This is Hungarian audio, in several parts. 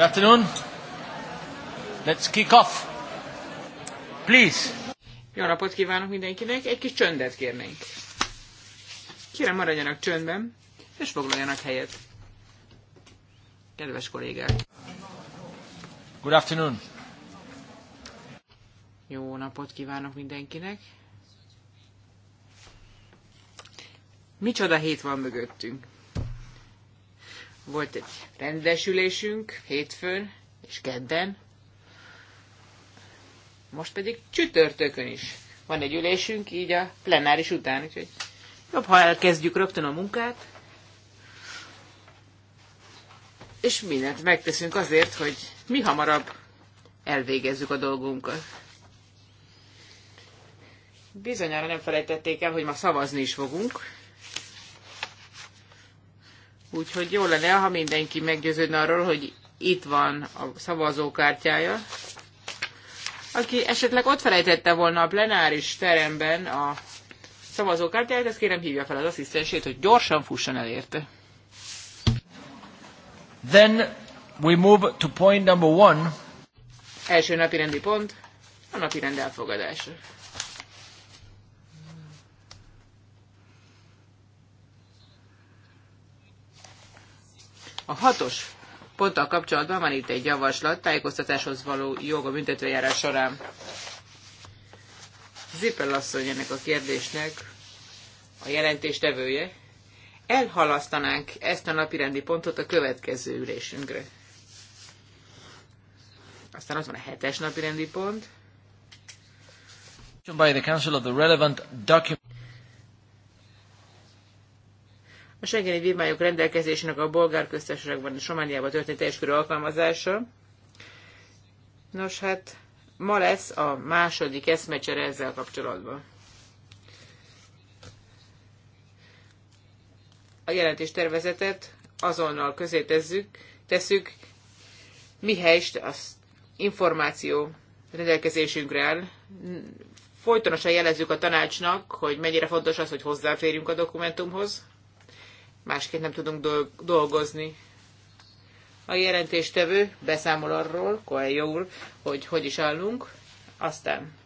Good afternoon. Let's kick off. Please. Jó napot kívánok mindenkinek. Egy kis csöndet kérnénk. Kérem maradjanak csöndben, és foglaljanak helyet. Kedves kollégák. Good afternoon. Jó napot kívánok mindenkinek. Micsoda hét van mögöttünk. Volt egy rendesülésünk hétfőn és kedden. Most pedig csütörtökön is van egy ülésünk, így a plenáris után, úgyhogy jobb, ha elkezdjük rögtön a munkát, és mindent megteszünk azért, hogy mi hamarabb elvégezzük a dolgunkat. Bizonyára nem felejtették el, hogy ma szavazni is fogunk. Úgyhogy jó lenne, ha mindenki meggyőződne arról, hogy itt van a szavazókártyája. Aki esetleg ott felejtette volna a plenáris teremben a szavazókártyáját, ezt kérem hívja fel az asszisztensét, hogy gyorsan fusson el érte. Then we move to point number one. Első napi rendi pont, a napi rend elfogadása. A hatos ponttal kapcsolatban van itt egy javaslat tájékoztatáshoz való jog a büntetőjárás során. Zippel asszony ennek a kérdésnek a jelentéstevője. Elhalasztanánk ezt a napirendi pontot a következő ülésünkre. Aztán ott van a hetes napirendi pont. By the Council of the relevant document. a Schengeni vívmányok rendelkezésének a bolgár köztársaságban és Romániában történt teljes körű alkalmazása. Nos, hát ma lesz a második eszmecsere ezzel kapcsolatban. A jelentés tervezetet azonnal közé tesszük, tesszük, mihelyst az információ rendelkezésünkre áll. Folytonosan jelezzük a tanácsnak, hogy mennyire fontos az, hogy hozzáférjünk a dokumentumhoz, másként nem tudunk dolgozni. A jelentéstevő beszámol arról, Koelja úr, hogy hogy is állunk, aztán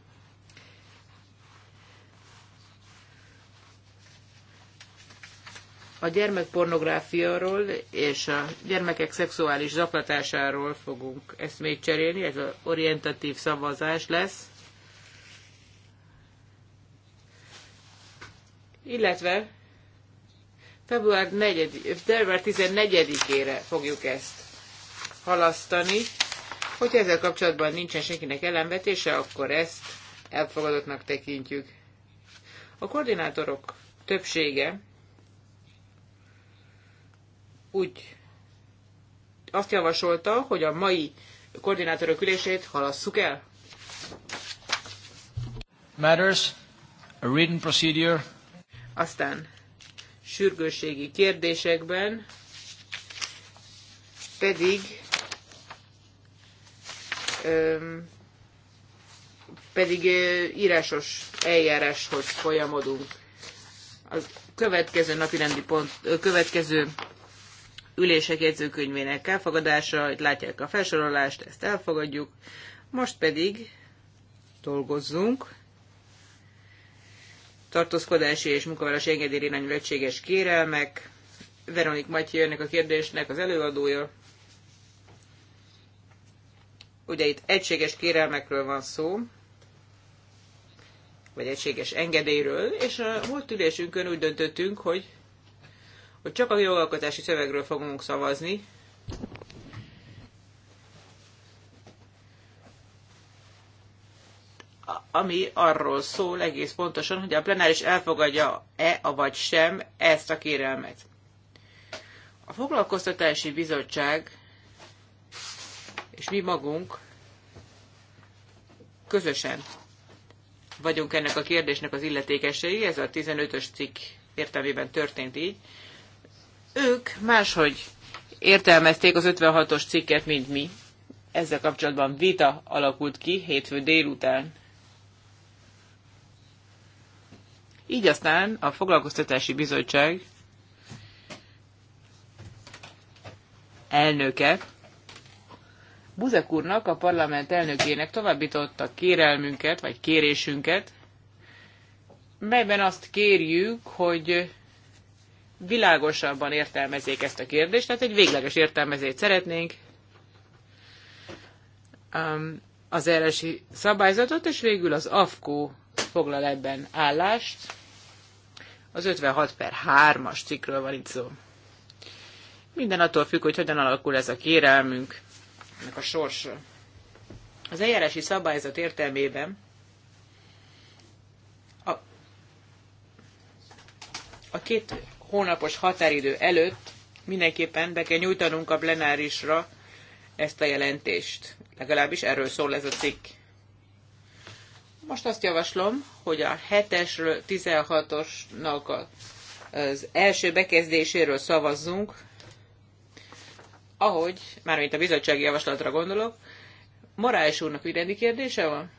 a gyermekpornográfiáról és a gyermekek szexuális zaklatásáról fogunk eszmét cserélni, ez az orientatív szavazás lesz. Illetve Február 4 február 14-ére fogjuk ezt halasztani. Hogyha ezzel kapcsolatban nincsen senkinek ellenvetése, akkor ezt elfogadottnak tekintjük. A koordinátorok többsége úgy azt javasolta, hogy a mai koordinátorok ülését halasszuk el. Matters, a written procedure. Aztán sürgőségi kérdésekben pedig öm, pedig írásos eljáráshoz folyamodunk. A következő napi rendi pont, következő ülések jegyzőkönyvének elfogadása, itt látják a felsorolást, ezt elfogadjuk. Most pedig dolgozzunk tartózkodási és munkavállalási engedélyirányú egységes kérelmek. Veronik Matyi jönnek a kérdésnek az előadója. Ugye itt egységes kérelmekről van szó, vagy egységes engedélyről, és a múlt ülésünkön úgy döntöttünk, hogy, hogy csak a jogalkotási szövegről fogunk szavazni, ami arról szól egész pontosan, hogy a plenáris elfogadja-e, vagy sem ezt a kérelmet. A foglalkoztatási bizottság és mi magunk közösen vagyunk ennek a kérdésnek az illetékesei, ez a 15-ös cikk értelmében történt így. Ők máshogy értelmezték az 56-os cikket, mint mi. Ezzel kapcsolatban vita alakult ki hétfő délután Így aztán a Foglalkoztatási Bizottság elnöke Buzek úrnak, a parlament elnökének továbbította kérelmünket, vagy kérésünket, melyben azt kérjük, hogy világosabban értelmezzék ezt a kérdést, tehát egy végleges értelmezést szeretnénk um, az RSI szabályzatot, és végül az AFKO foglal ebben állást. Az 56 per 3-as cikkről van itt szó. Minden attól függ, hogy hogyan alakul ez a kérelmünk, ennek a sorsa. Az eljárási szabályzat értelmében a, a két hónapos határidő előtt mindenképpen be kell nyújtanunk a plenárisra ezt a jelentést. Legalábbis erről szól ez a cikk. Most azt javaslom, hogy a 7-esről 16-osnak az első bekezdéséről szavazzunk, ahogy, mármint a bizottsági javaslatra gondolok, Morális úrnak ügyrendi kérdése van?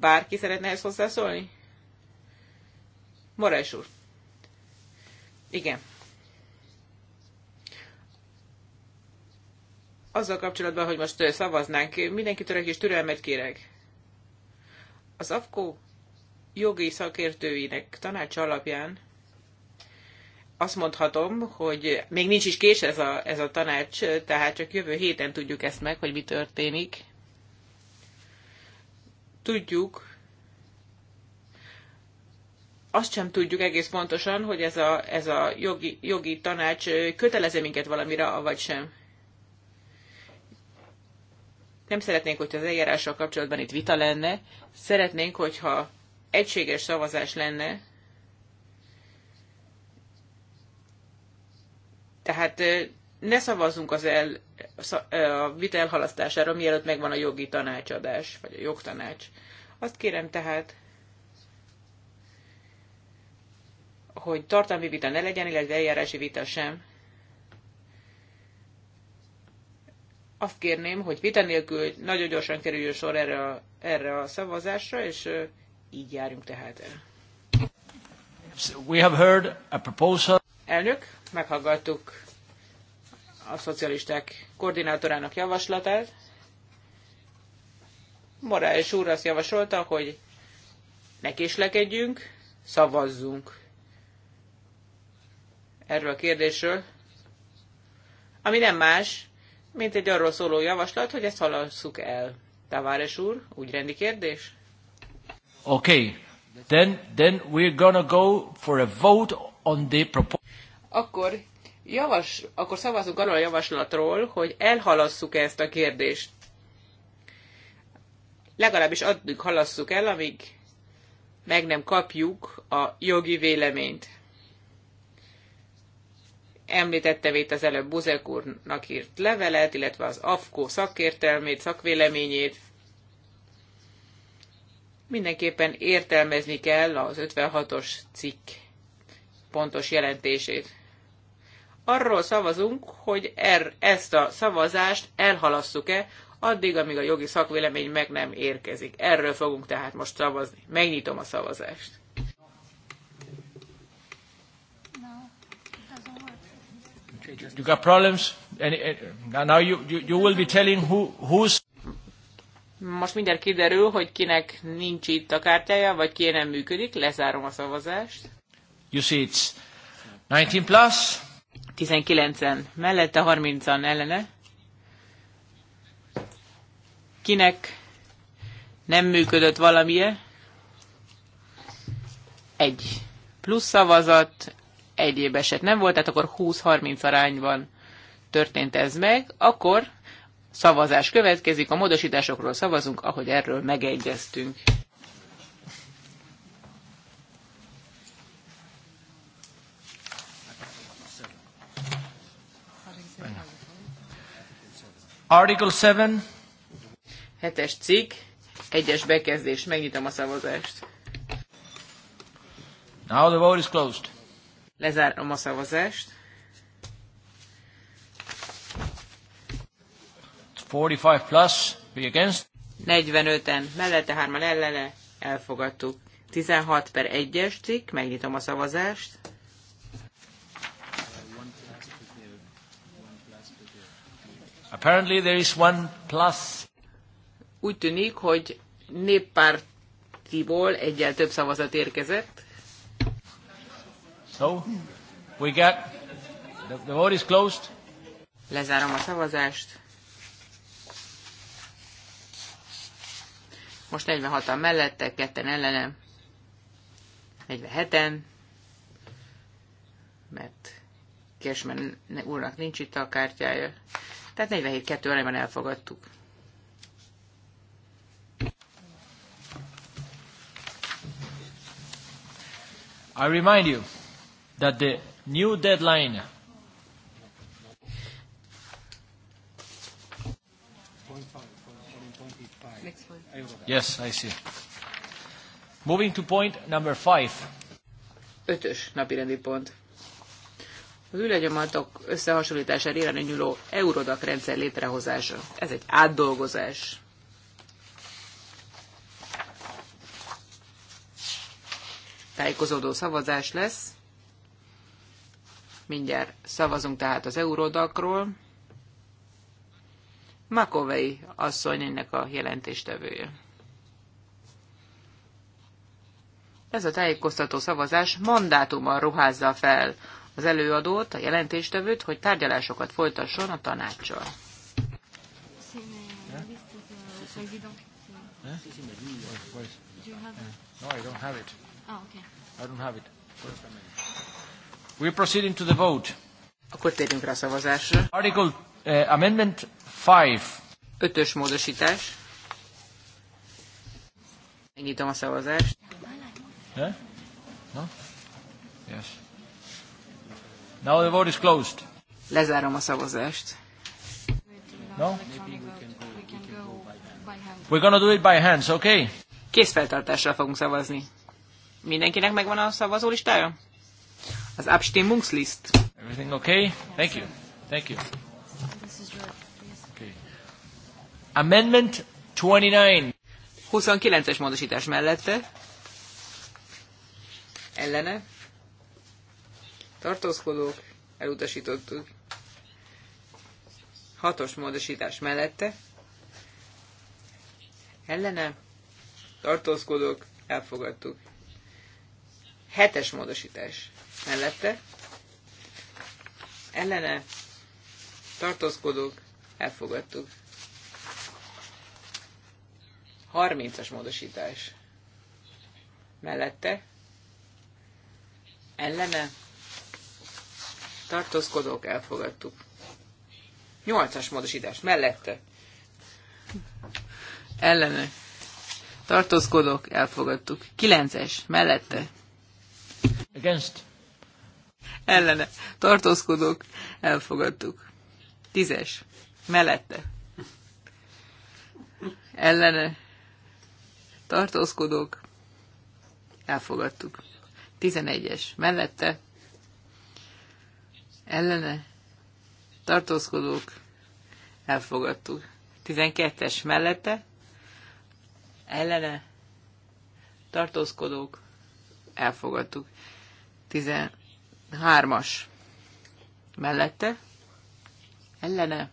Bárki szeretne ezt hozzászólni? Morális úr. Igen. Azzal kapcsolatban, hogy most szavaznánk, mindenkitől egy kis türelmet kérek. Az AFKO jogi szakértőinek tanács alapján azt mondhatom, hogy még nincs is kés ez a, ez a tanács, tehát csak jövő héten tudjuk ezt meg, hogy mi történik. Tudjuk, azt sem tudjuk egész pontosan, hogy ez a, ez a jogi, jogi tanács kötelezze minket valamire, vagy sem. Nem szeretnénk, hogyha az eljárással kapcsolatban itt vita lenne, szeretnénk, hogyha egységes szavazás lenne, Tehát ne szavazzunk az el, a vita elhalasztására, mielőtt megvan a jogi tanácsadás, vagy a jogtanács. Azt kérem tehát, hogy tartalmi vita ne legyen, illetve eljárási vita sem. azt kérném, hogy vita nélkül nagyon gyorsan kerüljön sor erre a, erre a szavazásra, és így járjunk tehát el. We have heard a proposal. Elnök, meghallgattuk a szocialisták koordinátorának javaslatát. Morális úr azt javasolta, hogy ne késlekedjünk, szavazzunk erről a kérdésről, ami nem más, mint egy arról szóló javaslat, hogy ezt halasszuk el. Tavares úr, úgy rendi kérdés? Okay, then, then we're gonna go for a vote on the proposal. Akkor javas, akkor szavazunk arról a javaslatról, hogy elhalasszuk -e ezt a kérdést. Legalábbis addig halasszuk el, amíg meg nem kapjuk a jogi véleményt. Említette itt az előbb Buzek úrnak írt levelet, illetve az AFKO szakértelmét, szakvéleményét. Mindenképpen értelmezni kell az 56-os cikk pontos jelentését. Arról szavazunk, hogy er, ezt a szavazást elhalasszuk-e, addig, amíg a jogi szakvélemény meg nem érkezik. Erről fogunk tehát most szavazni. Megnyitom a szavazást. You got problems? Any, any, eh, now you, you, you will be telling who, who's... Most mindjárt kiderül, hogy kinek nincs itt a kártyája, vagy ki nem működik. Lezárom a szavazást. You see, it's 19 plus. 19-en mellette, 30-an ellene. Kinek nem működött valamie? Egy plusz szavazat, egyéb eset nem volt, tehát akkor 20-30 arányban történt ez meg, akkor szavazás következik, a módosításokról szavazunk, ahogy erről megegyeztünk. Article 7. Hetes cikk, egyes bekezdés, megnyitom a szavazást. Now the vote is closed. Lezárom a szavazást. 45 plus, be against. 45-en, mellette hárman ellene, elfogadtuk. 16 per 1-es cikk, megnyitom a szavazást. Apparently there is one plus. Úgy tűnik, hogy néppártiból egyel több szavazat érkezett. So, we get, the, the vote is closed. Lezárom a szavazást. Most 46-an mellette, ketten ellenem, 47-en, mert Kesmen úrnak nincs itt a kártyája. Tehát 47-2 arányban elfogadtuk. I remind you that the new deadline Yes, I see. Moving to point number five. Ötös napirendi pont. Az ülegyomatok összehasonlítására irányuló nyúló Eurodac rendszer létrehozása. Ez egy átdolgozás. Tájékozódó szavazás lesz. Mindjárt szavazunk tehát az eurodakról. Makovei asszony ennek a jelentéstevője. Ez a tájékoztató szavazás mandátummal ruházza fel az előadót, a jelentéstevőt, hogy tárgyalásokat folytasson a tanácssal. No, I don't have it. Oh, okay. I don't have it. First amendment are proceeding to the vote. Akkor térjünk rá a szavazásra. Article uh, Amendment 5. Ötös módosítás. Megnyitom a szavazást. Yeah? No? Yes. Now the vote is closed. Lezárom a szavazást. No? We're gonna do it by hands, okay? Kész Készfeltartással fogunk szavazni. Mindenkinek megvan a szavazólistája? az Abstimmungslist. Everything okay? Thank you. Thank you. Okay. Amendment 29. 29-es módosítás mellette. Ellene. Tartózkodók. Elutasítottuk. Hatos módosítás mellette. Ellene. Tartózkodók. Elfogadtuk. Hetes módosítás mellette ellene tartózkodók elfogadtuk. 30-as módosítás mellette ellene tartózkodók elfogadtuk. 8-as módosítás mellette ellene tartózkodók elfogadtuk. 9-es mellette against ellene tartózkodók, elfogadtuk. Tízes, mellette, ellene tartózkodók, elfogadtuk. Tizenegyes, mellette, ellene tartózkodók, elfogadtuk. Tizenkettes, mellette, ellene tartózkodók, elfogadtuk. 13 Hármas. Mellette. Ellene.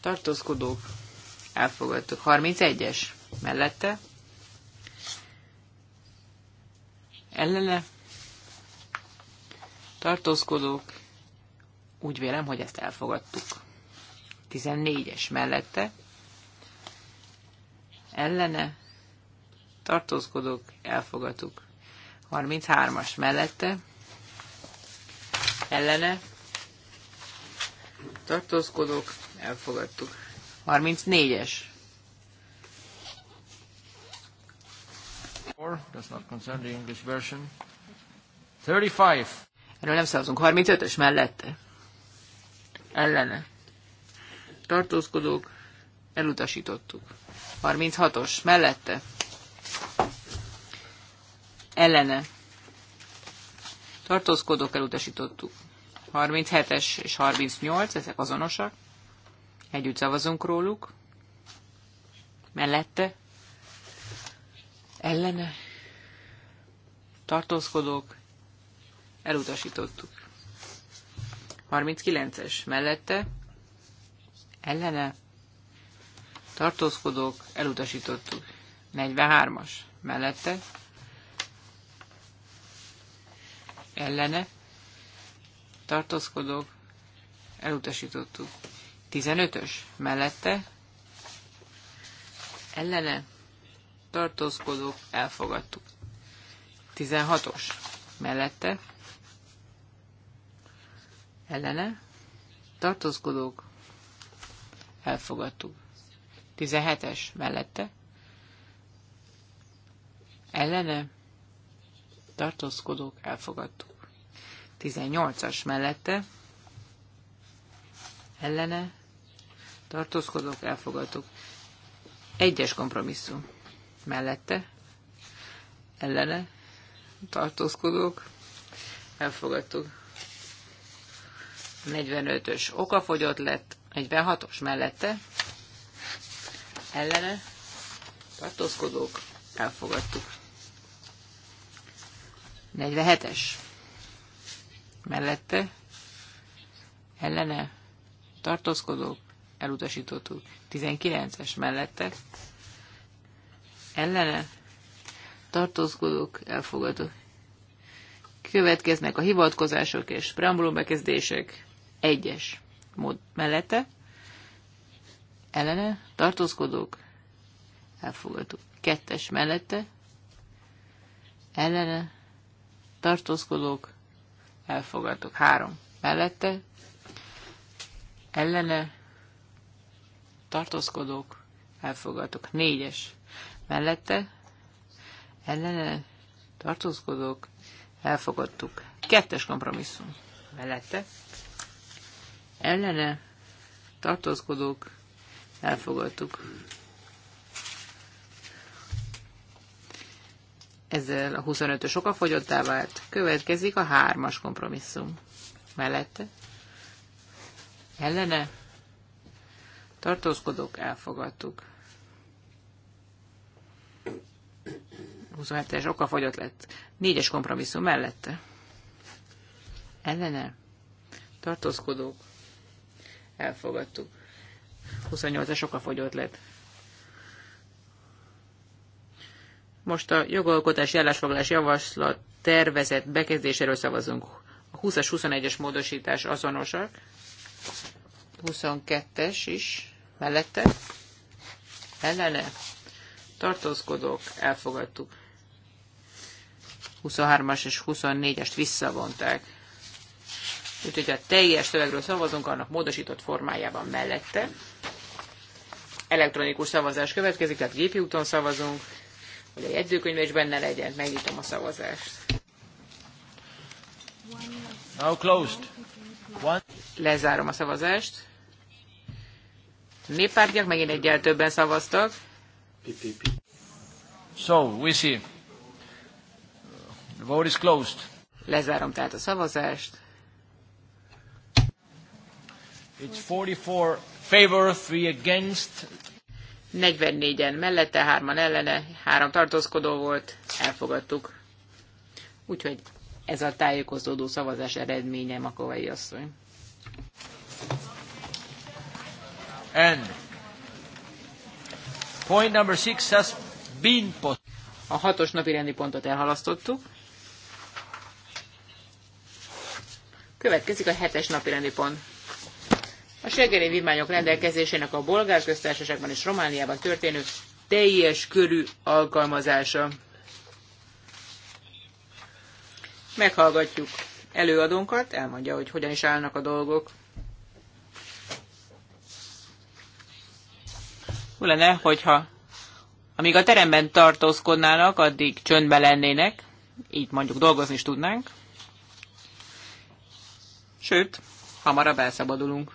Tartózkodók. Elfogadtuk. 31-es. Mellette. Ellene. Tartózkodók. Úgy vélem, hogy ezt elfogadtuk. 14-es mellette. Ellene. Tartózkodók. Elfogadtuk. 33-as mellette ellene tartózkodók, elfogadtuk. 34-es. That's not concerned the English version. 35. Erről nem szavazunk. 35-ös mellette. Ellene. Tartózkodók, elutasítottuk. 36-os mellette. Ellene tartózkodók elutasítottuk. 37-es és 38, ezek azonosak. Együtt szavazunk róluk. Mellette. Ellene. Tartózkodók. Elutasítottuk. 39-es. Mellette. Ellene. Tartózkodók. Elutasítottuk. 43-as. Mellette. ellene tartózkodók elutasítottuk. 15-ös mellette ellene tartózkodók elfogadtuk. 16-os mellette ellene tartózkodók elfogadtuk. 17-es mellette ellene tartózkodók elfogadtuk. 18-as mellette ellene tartózkodók elfogadtuk. Egyes kompromisszum mellette ellene tartózkodók elfogadtuk. 45-ös okafogyott lett, 46-os mellette ellene tartózkodók elfogadtuk. 47-es. Mellette ellene tartózkodók elutasítottuk. 19-es mellette ellene tartózkodók elfogadók. Következnek a hivatkozások és preambulum bekezdések. Egyes mód mellette ellene tartózkodók elfogadók. Kettes mellette ellene tartózkodók, elfogadtuk. Három mellette, ellene, tartózkodók, elfogadtuk. Négyes mellette, ellene, tartózkodók, elfogadtuk. Kettes kompromisszum mellette, ellene, tartózkodók, elfogadtuk. Ezzel a 25-ös oka fogyottá vált. Következik a hármas kompromisszum. Mellette. Ellene. Tartózkodók elfogadtuk. 27-es oka fogyott lett. Négyes kompromisszum mellette. Ellene. Tartózkodók elfogadtuk. 28 es oka fogyott lett. Most a jogalkotási állásfoglalás javaslat tervezett bekezdéséről szavazunk. A 20-as, 21-es módosítás azonosak. 22-es is mellette. Ellene. Tartózkodók, elfogadtuk. 23-as és 24-est visszavonták. Úgyhogy a teljes szövegről szavazunk, annak módosított formájában mellette. Elektronikus szavazás következik, tehát gépi úton szavazunk hogy a jegyzőkönyv is benne legyen. Megnyitom a szavazást. Now closed. One. Lezárom a szavazást. Néppártiak megint egyel többen szavaztak. So, we see. The vote is closed. Lezárom tehát a szavazást. It's 44 favor, 3 against, 44-en mellette, 3-an ellene, 3 tartózkodó volt, elfogadtuk. Úgyhogy ez a tájékozódó szavazás eredménye, Makovai asszony. And point number six has been put. A hatos napi rendi pontot elhalasztottuk. Következik a hetes napi rendi pont. A segeri vívmányok rendelkezésének a bolgár köztársaságban és Romániában történő teljes körű alkalmazása. Meghallgatjuk előadónkat, elmondja, hogy hogyan is állnak a dolgok. Jó lenne, hogyha amíg a teremben tartózkodnának, addig csöndben lennének, így mondjuk dolgozni is tudnánk. Sőt, hamarabb elszabadulunk.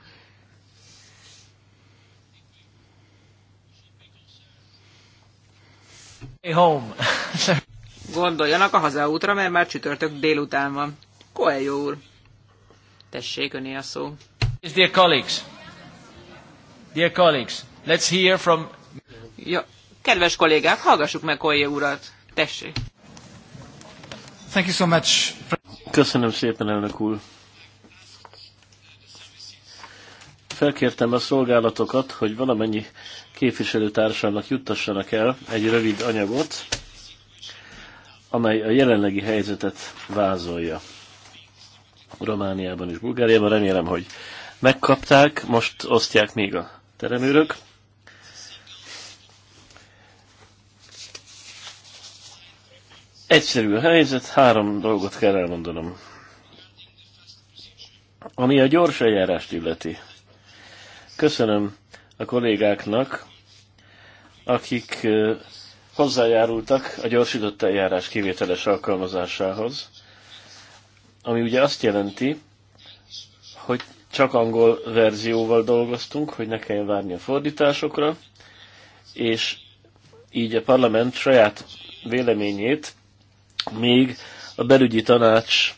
Home. Gondoljanak a hazaútra, mert már csütörtök délután van. Koeljó úr. Tessék, öné a szó. Dear colleagues, dear colleagues, let's hear from... Ja, kedves kollégák, hallgassuk meg Koeljó urat. Tessék. Thank you so much. Köszönöm szépen, elnök úr. Felkértem a szolgálatokat, hogy valamennyi képviselőtársamnak juttassanak el egy rövid anyagot, amely a jelenlegi helyzetet vázolja. Romániában és Bulgáriában remélem, hogy megkapták, most osztják még a teremőrök. Egyszerű a helyzet, három dolgot kell elmondanom. Ami a gyors eljárást illeti, Köszönöm a kollégáknak, akik hozzájárultak a gyorsított eljárás kivételes alkalmazásához, ami ugye azt jelenti, hogy csak angol verzióval dolgoztunk, hogy ne kelljen várni a fordításokra, és így a parlament saját véleményét még a belügyi tanács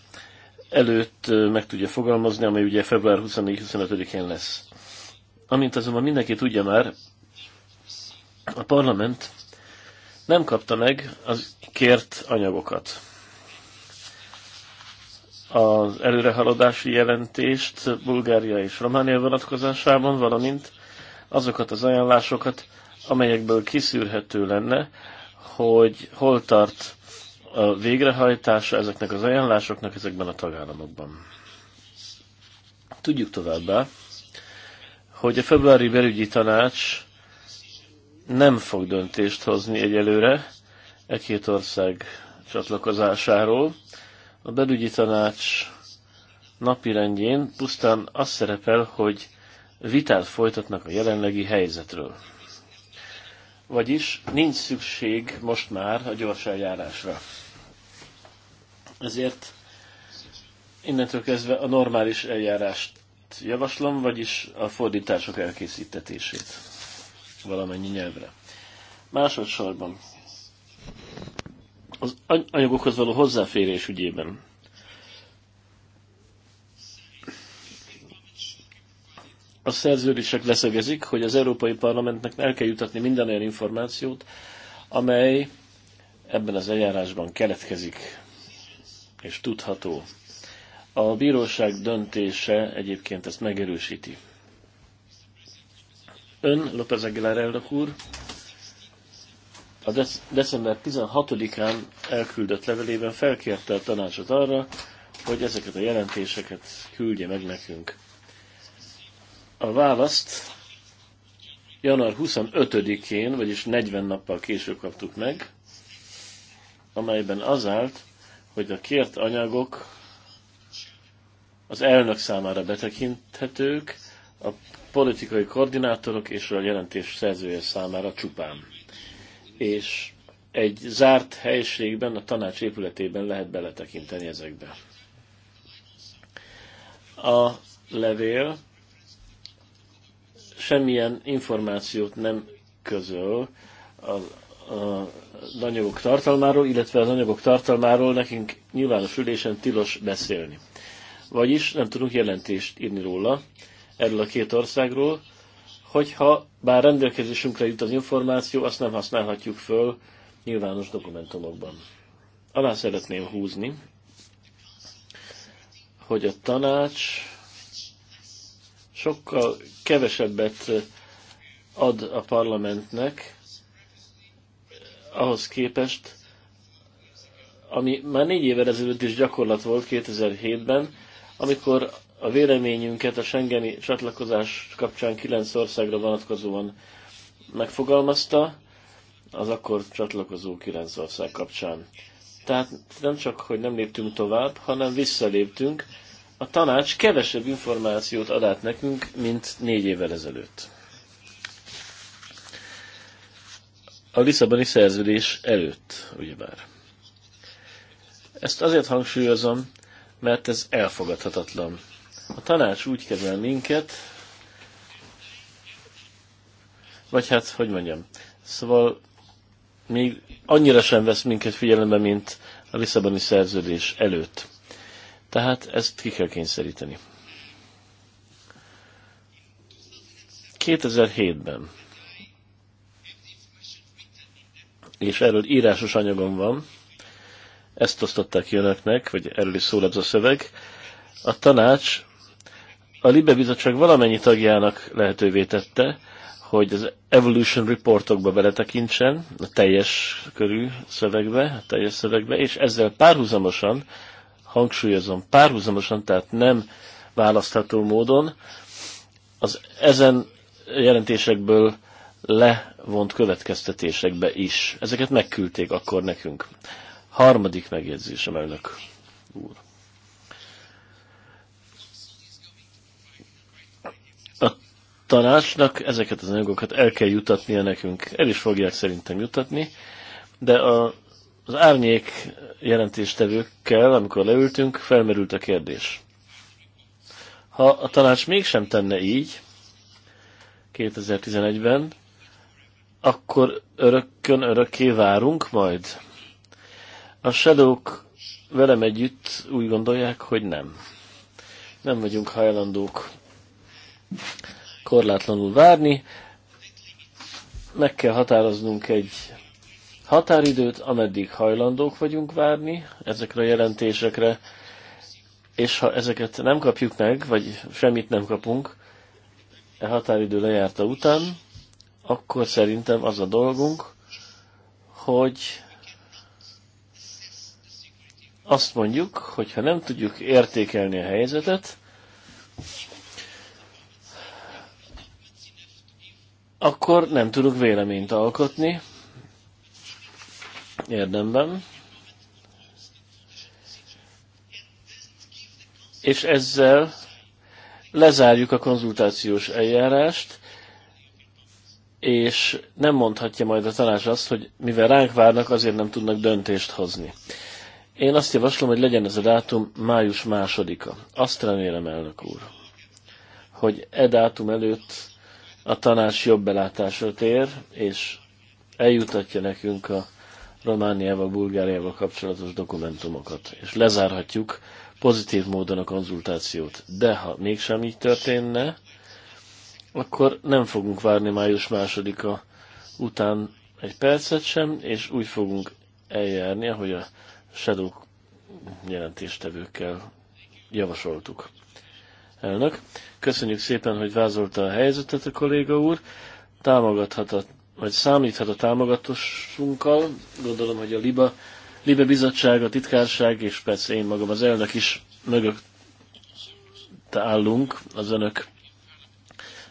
előtt meg tudja fogalmazni, amely ugye február 24-25-én lesz. Amint azonban mindenki tudja már, a parlament nem kapta meg az kért anyagokat. Az előrehaladási jelentést Bulgária és Románia vonatkozásában, valamint azokat az ajánlásokat, amelyekből kiszűrhető lenne, hogy hol tart a végrehajtása ezeknek az ajánlásoknak ezekben a tagállamokban. Tudjuk továbbá, hogy a februári belügyi tanács nem fog döntést hozni egyelőre e két ország csatlakozásáról. A belügyi tanács napirendjén pusztán az szerepel, hogy vitát folytatnak a jelenlegi helyzetről. Vagyis nincs szükség most már a gyors eljárásra. Ezért innentől kezdve a normális eljárást javaslom, vagyis a fordítások elkészítetését valamennyi nyelvre. Másodszorban az anyagokhoz való hozzáférés ügyében a szerződések leszögezik, hogy az Európai Parlamentnek el kell jutatni minden olyan információt, amely ebben az eljárásban keletkezik és tudható. A bíróság döntése egyébként ezt megerősíti. Ön, López Aguilar elnök úr, a december 16-án elküldött levelében felkérte a tanácsot arra, hogy ezeket a jelentéseket küldje meg nekünk. A választ január 25-én, vagyis 40 nappal később kaptuk meg, amelyben az állt, hogy a kért anyagok az elnök számára betekinthetők, a politikai koordinátorok és a jelentés szerzője számára csupán. És egy zárt helyiségben, a tanács épületében lehet beletekinteni ezekbe. A levél semmilyen információt nem közöl a az anyagok tartalmáról, illetve az anyagok tartalmáról nekünk nyilvános ülésen tilos beszélni vagyis nem tudunk jelentést írni róla, erről a két országról, hogyha bár rendelkezésünkre jut az információ, azt nem használhatjuk föl nyilvános dokumentumokban. Alá szeretném húzni, hogy a tanács sokkal kevesebbet ad a parlamentnek ahhoz képest, ami már négy évvel ezelőtt is gyakorlat volt 2007-ben, amikor a véleményünket a Schengeni csatlakozás kapcsán kilenc országra vonatkozóan megfogalmazta, az akkor csatlakozó kilenc ország kapcsán. Tehát nem csak, hogy nem léptünk tovább, hanem visszaléptünk. A tanács kevesebb információt ad át nekünk, mint négy évvel ezelőtt. A Lisszaboni szerződés előtt, ugyebár. Ezt azért hangsúlyozom, mert ez elfogadhatatlan. A tanács úgy kezel minket, vagy hát, hogy mondjam, szóval még annyira sem vesz minket figyelembe, mint a Lisszaboni szerződés előtt. Tehát ezt ki kell kényszeríteni. 2007-ben, és erről írásos anyagom van, ezt osztották ki önöknek, vagy erről is szól ez a szöveg. A tanács a Libe Bizottság valamennyi tagjának lehetővé tette, hogy az Evolution Reportokba beletekintsen, a teljes körű szövegbe, a teljes szövegbe, és ezzel párhuzamosan, hangsúlyozom, párhuzamosan, tehát nem választható módon az ezen jelentésekből levont következtetésekbe is. Ezeket megküldték akkor nekünk. Harmadik megjegyzésem, elnök úr. A tanácsnak ezeket az anyagokat el kell jutatnia nekünk. El is fogják szerintem jutatni, de a, az árnyék jelentéstevőkkel, amikor leültünk, felmerült a kérdés. Ha a tanács mégsem tenne így, 2011-ben, akkor örökkön örökké várunk majd a shadow velem együtt úgy gondolják, hogy nem. Nem vagyunk hajlandók korlátlanul várni. Meg kell határoznunk egy határidőt, ameddig hajlandók vagyunk várni ezekre a jelentésekre, és ha ezeket nem kapjuk meg, vagy semmit nem kapunk e határidő lejárta után, akkor szerintem az a dolgunk, hogy azt mondjuk, hogy ha nem tudjuk értékelni a helyzetet, akkor nem tudunk véleményt alkotni érdemben. És ezzel lezárjuk a konzultációs eljárást, és nem mondhatja majd a tanács azt, hogy mivel ránk várnak, azért nem tudnak döntést hozni. Én azt javaslom, hogy legyen ez a dátum május másodika. Azt remélem, elnök úr, hogy e dátum előtt a tanács jobb belátásra tér, és eljutatja nekünk a Romániával, Bulgáriával kapcsolatos dokumentumokat, és lezárhatjuk pozitív módon a konzultációt. De ha mégsem így történne, akkor nem fogunk várni május másodika után egy percet sem, és úgy fogunk eljárni, ahogy a shadow jelentéstevőkkel javasoltuk. Elnök, köszönjük szépen, hogy vázolta a helyzetet a kolléga úr. Támogathat a, vagy számíthat a támogatósunkkal. Gondolom, hogy a LIBA, Liba bizottság, a titkárság, és persze én magam az elnök is mögött állunk az önök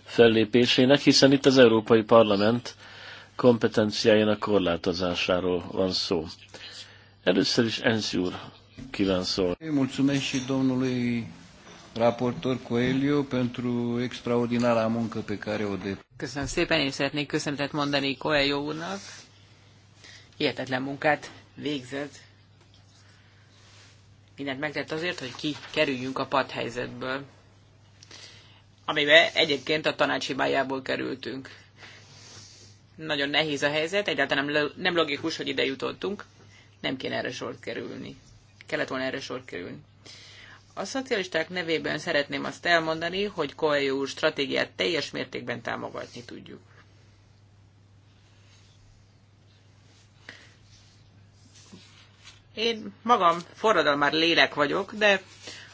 fellépésének, hiszen itt az Európai Parlament kompetenciájának korlátozásáról van szó. Először is Enzi úr kíván szólni. Mulțumesc și domnului raportor Coelho pentru extraordinara muncă pe care o de. Köszönöm szépen, én szeretnék köszönetet mondani Coelho úrnak. Hihetetlen munkát végzett. Mindent megtett azért, hogy ki kerüljünk a padhelyzetből, amiben egyébként a tanács hibájából kerültünk. Nagyon nehéz a helyzet, egyáltalán nem logikus, hogy ide jutottunk nem kéne erre sor kerülni. Kellett volna erre sor kerülni. A szocialisták nevében szeretném azt elmondani, hogy Koelyó úr stratégiát teljes mértékben támogatni tudjuk. Én magam forradalmár lélek vagyok, de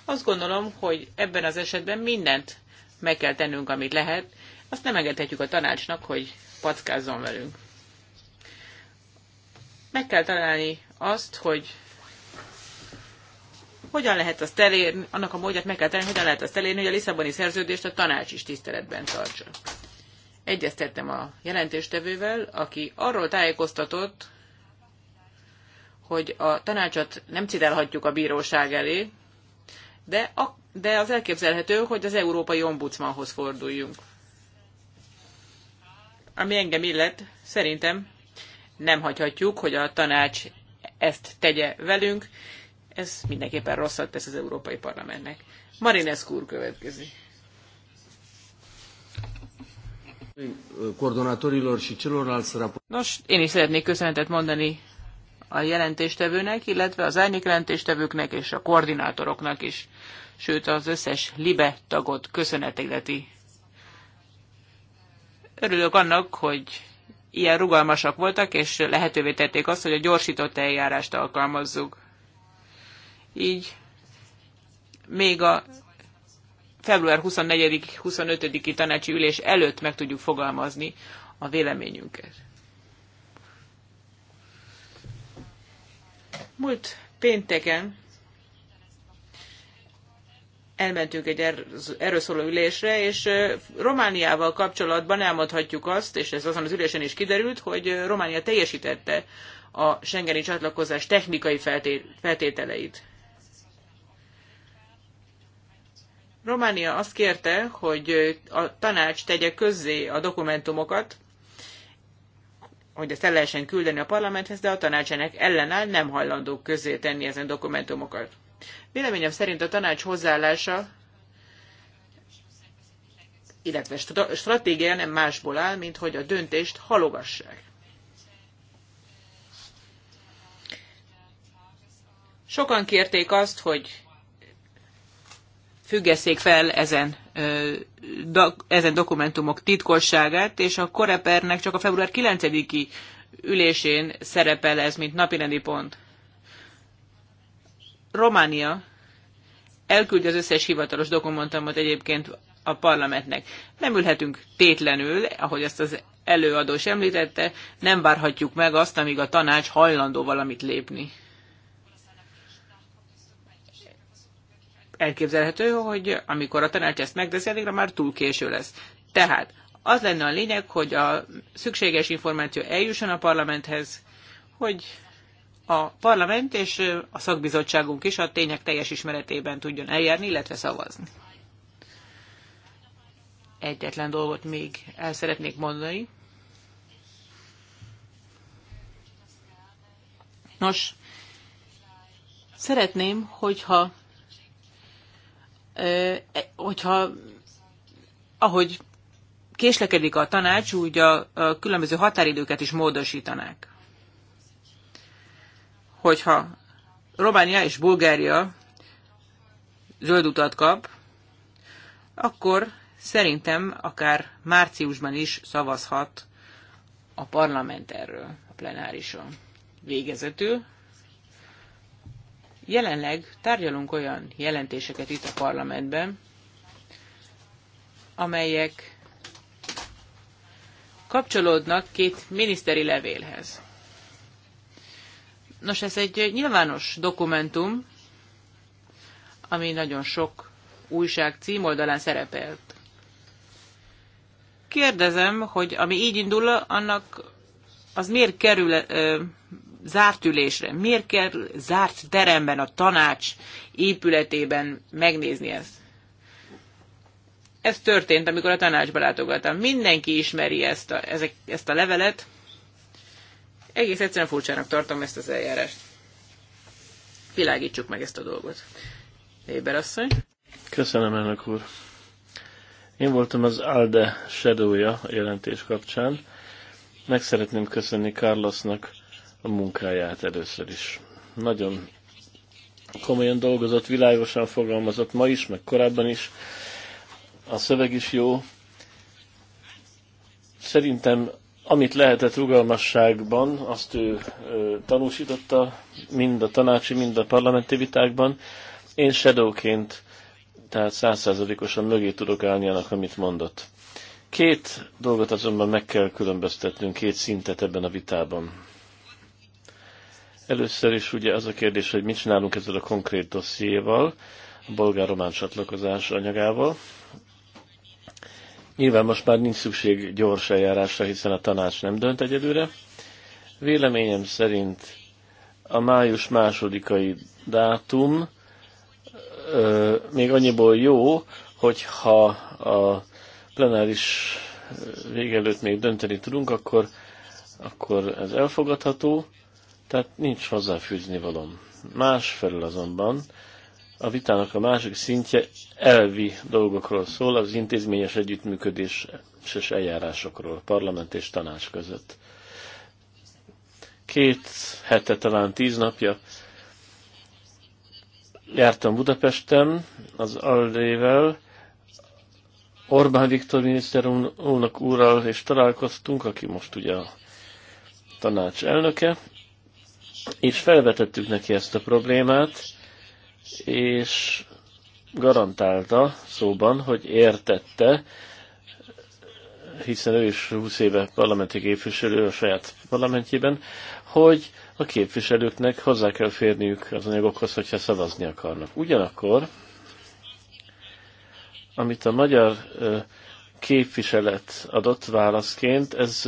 azt gondolom, hogy ebben az esetben mindent meg kell tennünk, amit lehet. Azt nem engedhetjük a tanácsnak, hogy packázzon velünk. Meg kell találni azt, hogy hogyan lehet azt elérni, annak a módját meg kell tenni, hogyan lehet azt elérni, hogy a Lisszaboni szerződést a tanács is tiszteletben tartsa. Egyeztettem a jelentéstevővel, aki arról tájékoztatott, hogy a tanácsot nem cidelhatjuk a bíróság elé, de, a, de az elképzelhető, hogy az Európai Ombudsmanhoz forduljunk. Ami engem illet, szerintem nem hagyhatjuk, hogy a tanács ezt tegye velünk, ez mindenképpen rosszat tesz az Európai Parlamentnek. Marinescu úr következik. Nos, én is szeretnék köszönetet mondani a jelentéstevőnek, illetve az árnyék jelentéstevőknek és a koordinátoroknak is, sőt az összes LIBE tagot köszönet illeti. Örülök annak, hogy ilyen rugalmasak voltak, és lehetővé tették azt, hogy a gyorsított eljárást alkalmazzuk. Így még a február 24-25-i tanácsi ülés előtt meg tudjuk fogalmazni a véleményünket. Múlt pénteken elmentünk egy er- erről szóló ülésre, és Romániával kapcsolatban elmondhatjuk azt, és ez azon az ülésen is kiderült, hogy Románia teljesítette a Schengeni csatlakozás technikai feltételeit. Románia azt kérte, hogy a tanács tegye közzé a dokumentumokat, hogy ezt el lehessen küldeni a parlamenthez, de a tanácsenek ellenáll, nem hajlandó közzé tenni ezen dokumentumokat. Véleményem szerint a tanács hozzáállása, illetve stratégia nem másból áll, mint hogy a döntést halogassák. Sokan kérték azt, hogy függesszék fel ezen, ezen dokumentumok titkosságát, és a korepernek csak a február 9-i ülésén szerepel ez, mint napirendi pont. Románia elküldi az összes hivatalos dokumentumot egyébként a parlamentnek. Nem ülhetünk tétlenül, ahogy ezt az előadó említette, nem várhatjuk meg azt, amíg a tanács hajlandó valamit lépni. Elképzelhető, hogy amikor a tanács ezt megteszi, addigra már túl késő lesz. Tehát az lenne a lényeg, hogy a szükséges információ eljusson a parlamenthez, hogy a parlament és a szakbizottságunk is a tények teljes ismeretében tudjon eljárni, illetve szavazni. Egyetlen dolgot még el szeretnék mondani. Nos, szeretném, hogyha e, hogyha ahogy késlekedik a tanács, úgy a, a különböző határidőket is módosítanák hogyha Románia és Bulgária zöld utat kap, akkor szerintem akár márciusban is szavazhat a parlament erről, a plenárison. Végezetül jelenleg tárgyalunk olyan jelentéseket itt a parlamentben, amelyek kapcsolódnak két miniszteri levélhez. Nos, ez egy nyilvános dokumentum, ami nagyon sok újság címoldalán szerepelt. Kérdezem, hogy ami így indul, annak az miért kerül ö, zárt ülésre, miért kell zárt teremben, a tanács épületében megnézni ezt? Ez történt, amikor a tanácsba látogattam. Mindenki ismeri ezt a, ezek, ezt a levelet, egész egyszerűen furcsának tartom ezt az eljárást. Világítsuk meg ezt a dolgot. Éber asszony. Köszönöm, elnök úr. Én voltam az ALDE shadowja jelentés kapcsán. Meg szeretném köszönni Carlosnak a munkáját először is. Nagyon komolyan dolgozott, világosan fogalmazott ma is, meg korábban is. A szöveg is jó. Szerintem amit lehetett rugalmasságban, azt ő ö, tanúsította, mind a tanácsi, mind a parlamenti vitákban. Én shadowként, tehát százszázalékosan mögé tudok állni annak, amit mondott. Két dolgot azonban meg kell különböztetnünk, két szintet ebben a vitában. Először is ugye az a kérdés, hogy mit csinálunk ezzel a konkrét dossziéval, a bolgár-román csatlakozás anyagával. Nyilván most már nincs szükség gyors eljárásra, hiszen a tanács nem dönt egyedülre. Véleményem szerint a május másodikai dátum ö, még annyiból jó, hogyha a plenáris végelőtt még dönteni tudunk, akkor, akkor ez elfogadható, tehát nincs hozzáfűzni valom. Más felül azonban a vitának a másik szintje elvi dolgokról szól, az intézményes és eljárásokról, parlament és tanács között. Két hete, talán tíz napja jártam Budapesten az Aldével, Orbán Viktor miniszter úrnak úrral, és találkoztunk, aki most ugye a tanács elnöke, és felvetettük neki ezt a problémát, és garantálta szóban, hogy értette, hiszen ő is 20 éve parlamenti képviselő a saját parlamentjében, hogy a képviselőknek hozzá kell férniük az anyagokhoz, hogyha szavazni akarnak. Ugyanakkor, amit a magyar képviselet adott válaszként, ez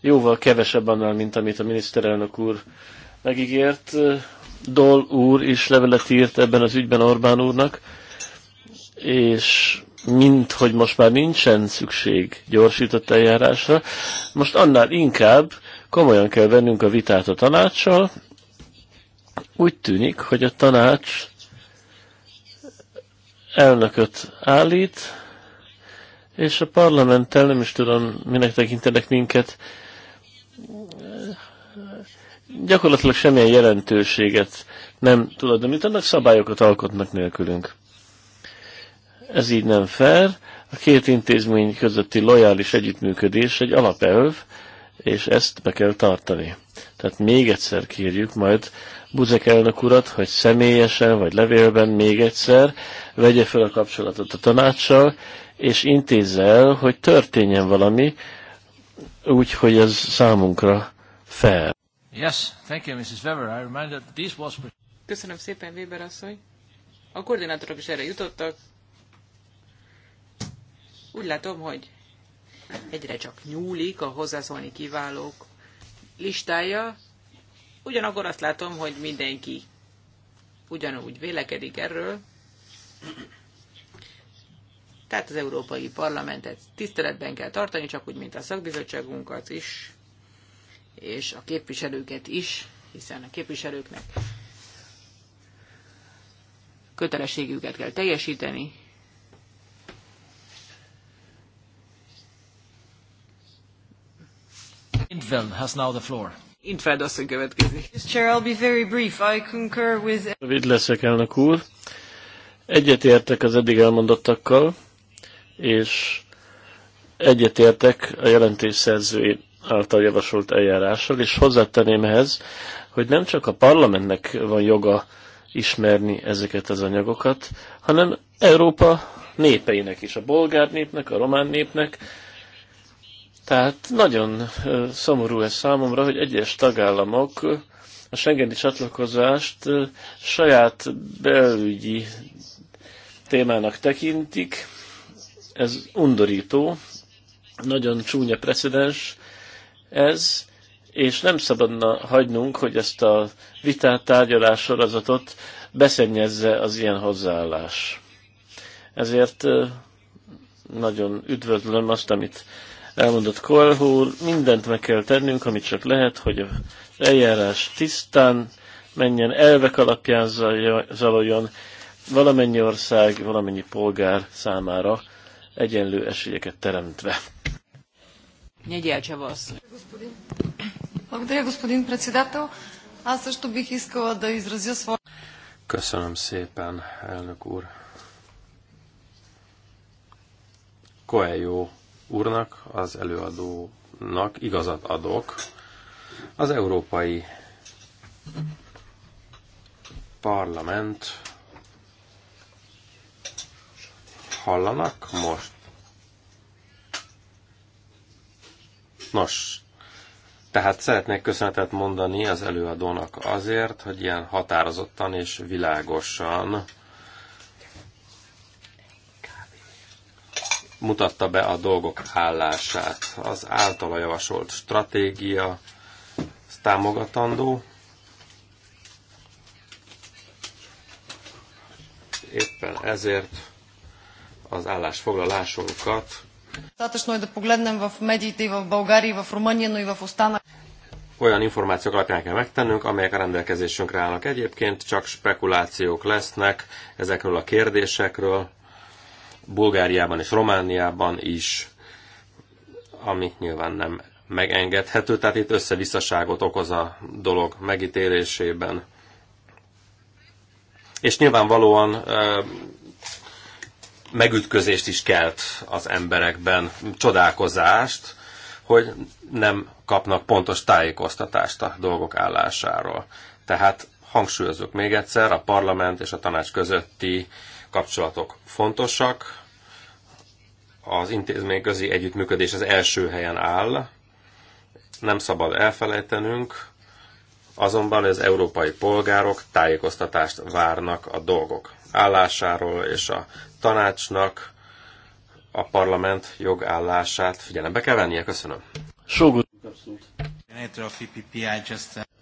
jóval kevesebb annál, mint amit a miniszterelnök úr megígért Dol úr is levelet írt ebben az ügyben Orbán úrnak, és mint hogy most már nincsen szükség gyorsított eljárásra, most annál inkább komolyan kell vennünk a vitát a tanácssal. Úgy tűnik, hogy a tanács elnököt állít, és a parlamenttel nem is tudom, minek tekintenek minket, gyakorlatilag semmilyen jelentőséget nem tulajdonítanak, szabályokat alkotnak nélkülünk. Ez így nem fair. A két intézmény közötti lojális együttműködés egy alapelv, és ezt be kell tartani. Tehát még egyszer kérjük majd Buzek elnök urat, hogy személyesen vagy levélben még egyszer vegye fel a kapcsolatot a tanácssal, és intézze el, hogy történjen valami, úgy, hogy ez számunkra fel. Yes, thank you, Mrs. Weber. I this was... Köszönöm szépen, Weber asszony. A koordinátorok is erre jutottak. Úgy látom, hogy egyre csak nyúlik a hozzászólni kiválók listája. Ugyanakkor azt látom, hogy mindenki ugyanúgy vélekedik erről. Tehát az Európai Parlamentet tiszteletben kell tartani, csak úgy, mint a szakbizottságunkat is és a képviselőket is, hiszen a képviselőknek kötelességüket kell teljesíteni, Intveld has now the floor. Intveld asszony következik. Chair, I'll be very brief. I concur with... Rövid leszek, elnök úr. Egyetértek az eddig elmondottakkal, és egyetértek a jelentés szerzőjét által javasolt eljárással, és hozzátenném ehhez, hogy nem csak a parlamentnek van joga ismerni ezeket az anyagokat, hanem Európa népeinek is, a bolgár népnek, a román népnek. Tehát nagyon szomorú ez számomra, hogy egyes tagállamok a Schengeni csatlakozást saját belügyi témának tekintik. Ez undorító, nagyon csúnya precedens, ez, és nem szabadna hagynunk, hogy ezt a vitát, tárgyalás sorozatot beszennyezze az ilyen hozzáállás. Ezért nagyon üdvözlöm azt, amit elmondott Kolhúr, mindent meg kell tennünk, amit csak lehet, hogy az eljárás tisztán menjen, elvek alapján zajoljon, valamennyi ország, valamennyi polgár számára egyenlő esélyeket teremtve. Недялчева аsszony. Благодаря, господин председател. Аз също бих искала да изразя своя... Köszönöm szépen, elnök úr. Coelho úrnak, az előadónak igazat adok. Az Európai Parlament hallanak most Nos, tehát szeretnék köszönetet mondani az előadónak azért, hogy ilyen határozottan és világosan mutatta be a dolgok állását. Az általa javasolt stratégia támogatandó. Éppen ezért az állásfoglalásunkat Достатъчно е да погледнем в медиите и в България, и в Румъния, но и в останалите olyan információk alapján kell megtennünk, amelyek a rendelkezésünkre állnak. Egyébként csak spekulációk lesznek ezekről a kérdésekről, Bulgáriában és Romániában is, ami nyilván nem megengedhető, tehát itt összevisszaságot okoz a dolog megítélésében. És nyilvánvalóan megütközést is kelt az emberekben, csodálkozást, hogy nem kapnak pontos tájékoztatást a dolgok állásáról. Tehát hangsúlyozok még egyszer, a parlament és a tanács közötti kapcsolatok fontosak, az intézményközi együttműködés az első helyen áll, nem szabad elfelejtenünk, azonban az európai polgárok tájékoztatást várnak a dolgok állásáról és a tanácsnak a parlament jogállását figyelembe kell vennie. Köszönöm. Sógó.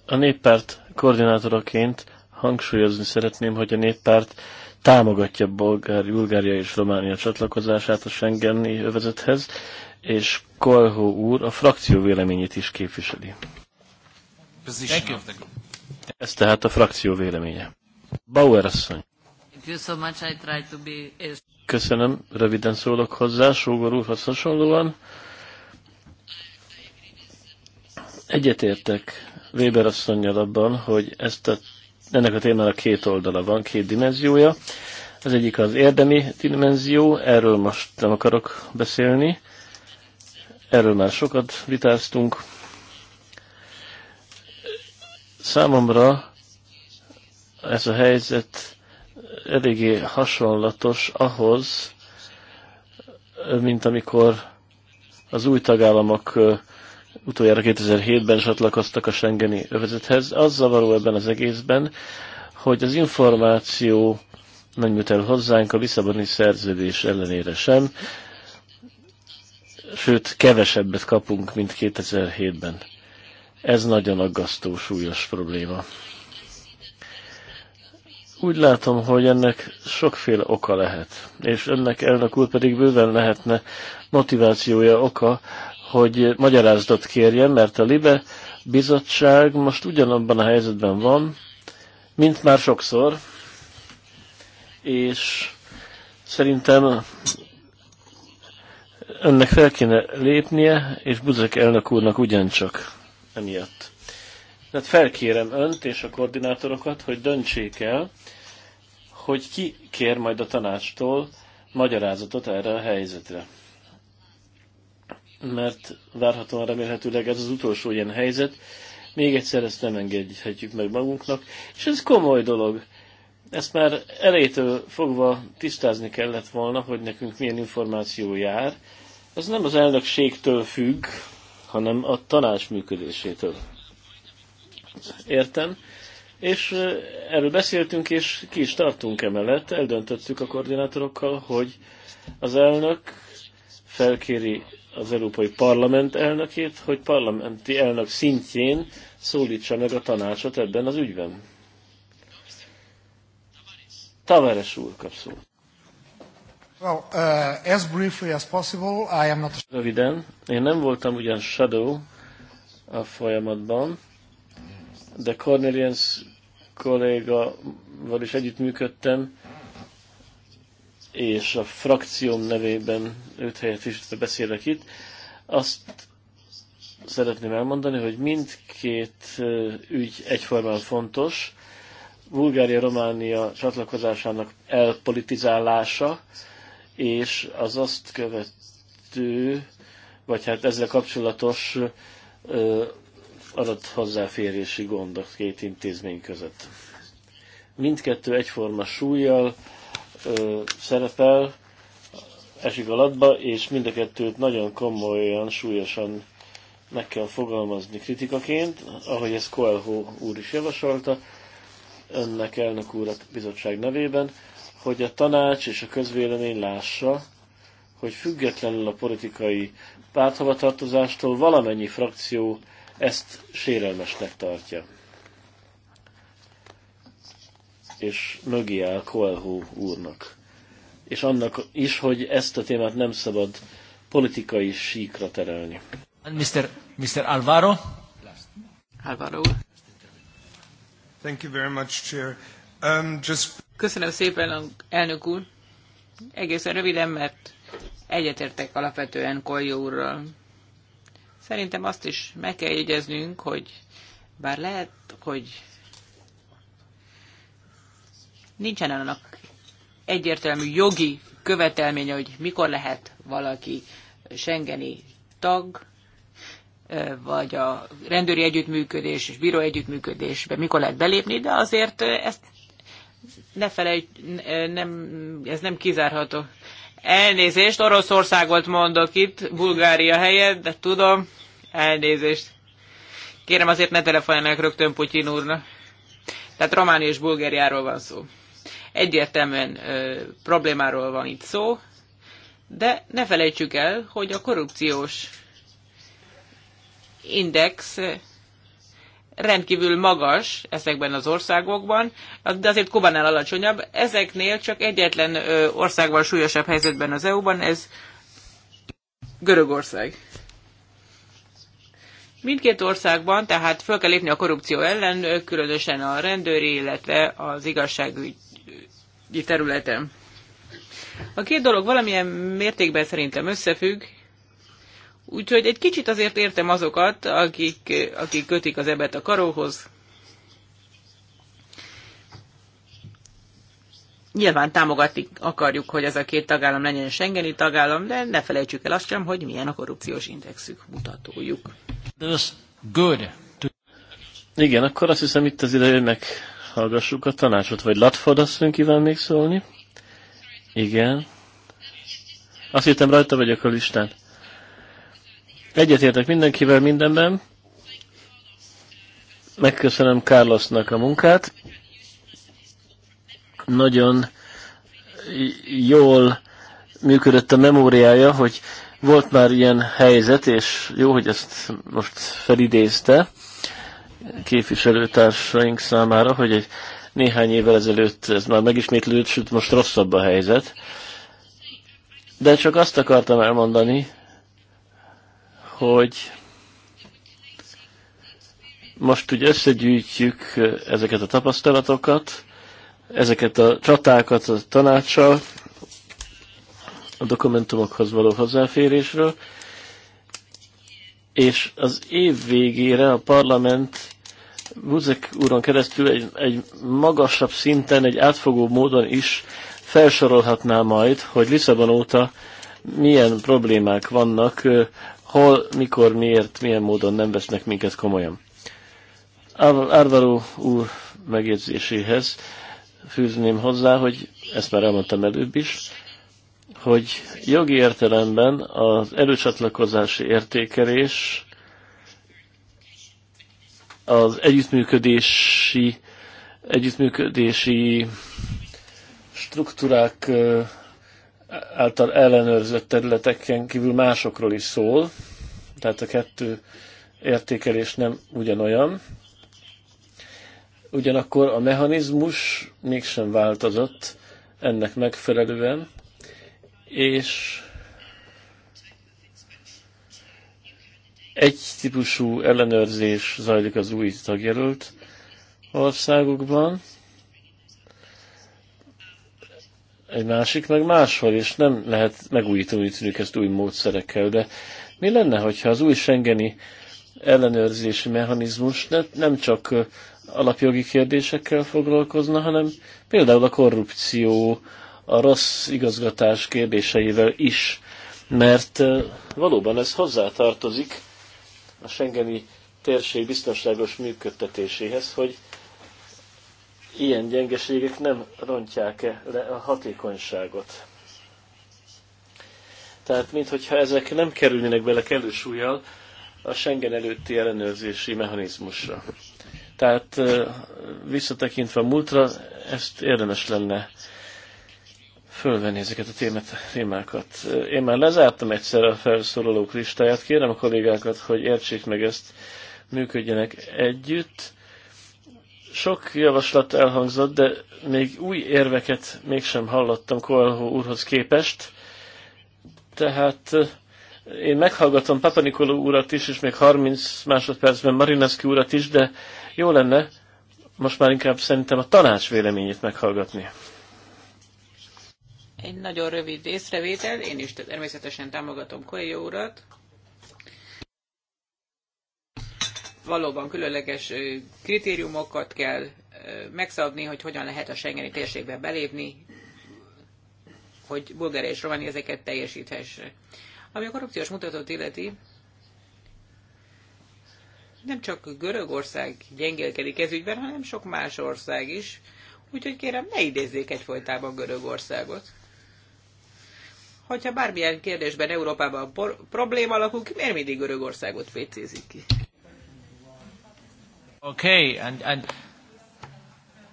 A néppárt koordinátoraként hangsúlyozni szeretném, hogy a néppárt támogatja Bulgária, Bulgária és Románia csatlakozását a Schengeni övezethez, és Kolho úr a frakció véleményét is képviseli. Ez tehát a frakció véleménye. Bauer asszony. Köszönöm, röviden szólok hozzá, Sógor úrhoz hasonlóan. Egyetértek Weber asszonynal abban, hogy ezt a, ennek a témának két oldala van, két dimenziója. Az egyik az érdemi dimenzió, erről most nem akarok beszélni. Erről már sokat vitáztunk. Számomra ez a helyzet eléggé hasonlatos ahhoz, mint amikor az új tagállamok utoljára 2007-ben csatlakoztak a Schengeni övezethez. Az zavaró ebben az egészben, hogy az információ nem jut el hozzánk a Lisszaboni szerződés ellenére sem, sőt kevesebbet kapunk, mint 2007-ben. Ez nagyon aggasztó, súlyos probléma. Úgy látom, hogy ennek sokféle oka lehet, és önnek elnök úr pedig bőven lehetne motivációja oka, hogy magyarázatot kérjen, mert a Libe bizottság most ugyanabban a helyzetben van, mint már sokszor, és szerintem önnek fel kéne lépnie, és Buzek elnök úrnak ugyancsak emiatt. Tehát felkérem önt és a koordinátorokat, hogy döntsék el, hogy ki kér majd a tanácstól magyarázatot erre a helyzetre. Mert várhatóan remélhetőleg ez az utolsó ilyen helyzet, még egyszer ezt nem engedhetjük meg magunknak, és ez komoly dolog. Ezt már elejétől fogva tisztázni kellett volna, hogy nekünk milyen információ jár. Ez nem az elnökségtől függ, hanem a tanács működésétől értem, és erről beszéltünk, és ki is tartunk emellett, eldöntöttük a koordinátorokkal, hogy az elnök felkéri az Európai Parlament elnökét, hogy parlamenti elnök szintjén szólítsa meg a tanácsot ebben az ügyben. Tavares úr kap szót. Well, uh, as briefly as possible, I am not... Röviden, én nem voltam ugyan shadow a folyamatban, de Cornelius kollégaval is együttműködtem, és a frakcióm nevében őt helyett is beszélek itt. Azt szeretném elmondani, hogy mindkét ügy egyformán fontos. Bulgária-Románia csatlakozásának elpolitizálása, és az azt követő, vagy hát ezzel kapcsolatos adat hozzáférési gond a két intézmény között. Mindkettő egyforma súlyjal ö, szerepel, esik alatba, és mind a kettőt nagyon komolyan, súlyosan meg kell fogalmazni kritikaként, ahogy ezt Coelho úr is javasolta, önnek elnök úr a bizottság nevében, hogy a tanács és a közvélemény lássa, hogy függetlenül a politikai párthovatartozástól valamennyi frakció ezt sérelmesnek tartja. És mögé áll Koelho úrnak. És annak is, hogy ezt a témát nem szabad politikai síkra terelni. Mr. Mr. Alvaro. Alvaro úr. Thank you very much, Chair. Um, just... Köszönöm szépen, elnök úr. Egészen röviden, mert egyetértek alapvetően Koljó úrral. Szerintem azt is meg kell jegyeznünk, hogy bár lehet, hogy nincsen annak egyértelmű jogi követelménye, hogy mikor lehet valaki Schengeni tag, vagy a rendőri együttműködés és bíró együttműködésbe mikor lehet belépni, de azért ezt ne felejt, nem, ez nem kizárható. Elnézést, Oroszországot mondok itt, Bulgária helyett, de tudom, elnézést. Kérem azért ne telefonálják rögtön Putyin úrnak. Tehát Románia és Bulgáriáról van szó. Egyértelműen ö, problémáról van itt szó, de ne felejtsük el, hogy a korrupciós index rendkívül magas ezekben az országokban, de azért Kobánál alacsonyabb. Ezeknél csak egyetlen országban súlyosabb helyzetben az EU-ban, ez Görögország. Mindkét országban tehát föl kell lépni a korrupció ellen, különösen a rendőri, illetve az igazságügyi területen. A két dolog valamilyen mértékben szerintem összefügg, Úgyhogy egy kicsit azért értem azokat, akik, akik kötik az ebet a karóhoz. Nyilván támogatni akarjuk, hogy ez a két tagállam legyen Schengeni tagállam, de ne felejtsük el azt sem, hogy milyen a korrupciós indexük mutatójuk. This good. Igen, akkor azt hiszem itt az ideje meghallgassuk a tanácsot, vagy Latford asszony kíván még szólni? Igen. Azt hittem rajta vagyok a listán. Egyetértek mindenkivel mindenben. Megköszönöm Carlosnak a munkát. Nagyon jól működött a memóriája, hogy volt már ilyen helyzet, és jó, hogy ezt most felidézte képviselőtársaink számára, hogy egy néhány évvel ezelőtt ez már megismétlődött, sőt most rosszabb a helyzet. De csak azt akartam elmondani, hogy most ugye összegyűjtjük ezeket a tapasztalatokat, ezeket a csatákat a tanácssal, a dokumentumokhoz való hozzáférésről, és az év végére a parlament Buzek úron keresztül egy, egy magasabb szinten, egy átfogó módon is felsorolhatná majd, hogy Lisszabon óta milyen problémák vannak hol, mikor, miért, milyen módon nem vesznek minket komolyan. Árvaró úr megjegyzéséhez fűzném hozzá, hogy ezt már elmondtam előbb is, hogy jogi értelemben az előcsatlakozási értékelés az együttműködési, együttműködési struktúrák által ellenőrzött területeken kívül másokról is szól, tehát a kettő értékelés nem ugyanolyan. Ugyanakkor a mechanizmus mégsem változott ennek megfelelően, és egy típusú ellenőrzés zajlik az új tagjelölt országokban, egy másik meg máshol, és nem lehet megújítani tűnik ezt új módszerekkel, de mi lenne, hogyha az új Schengeni ellenőrzési mechanizmus nem csak alapjogi kérdésekkel foglalkozna, hanem például a korrupció, a rossz igazgatás kérdéseivel is, mert valóban ez hozzátartozik a Schengeni térség biztonságos működtetéséhez, hogy ilyen gyengeségek nem rontják-e le a hatékonyságot. Tehát, minthogyha ezek nem kerülnének bele kellő súlyjal a Schengen előtti ellenőrzési mechanizmusra. Tehát visszatekintve a múltra, ezt érdemes lenne fölvenni ezeket a témet, témákat. Én már lezártam egyszer a felszólalók listáját, kérem a kollégákat, hogy értsék meg ezt, működjenek együtt sok javaslat elhangzott, de még új érveket mégsem hallottam Koalho úrhoz képest. Tehát eh, én meghallgatom Papanikoló úrat is, és még 30 másodpercben Marineszki úrat is, de jó lenne most már inkább szerintem a tanács véleményét meghallgatni. Egy nagyon rövid észrevétel, én is természetesen támogatom Koelho urat. valóban különleges kritériumokat kell megszabni, hogy hogyan lehet a Schengeni térségbe belépni, hogy Bulgária és Románia ezeket teljesíthesse. Ami a korrupciós mutatót illeti, nem csak Görögország gyengélkedik ez ügyben, hanem sok más ország is. Úgyhogy kérem, ne idézzék egyfolytában Görögországot. Hogyha bármilyen kérdésben Európában por- probléma alakul ki, miért mindig Görögországot fécézik ki? Okay, and, and,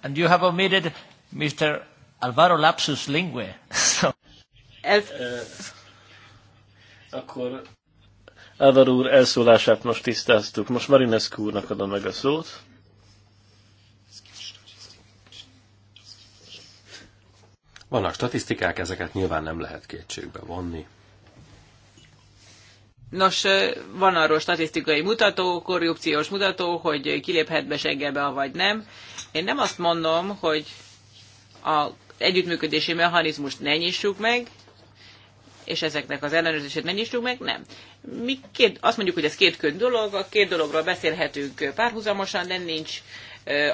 and you have omitted Mr. Alvaro Lapsus Lingue. so. Elf. Eh, akkor Alvaro úr elszólását most tisztáztuk. Most Marinescu úrnak adom meg a szót. Vannak statisztikák, ezeket nyilván nem lehet kétségbe vonni. Nos, van arról statisztikai mutató, korrupciós mutató, hogy kiléphet be Schengenbe, vagy nem. Én nem azt mondom, hogy a együttműködési mechanizmust ne nyissuk meg, és ezeknek az ellenőrzését ne nyissuk meg, nem. Mi két, azt mondjuk, hogy ez két könyv dolog, a két dologról beszélhetünk párhuzamosan, de nincs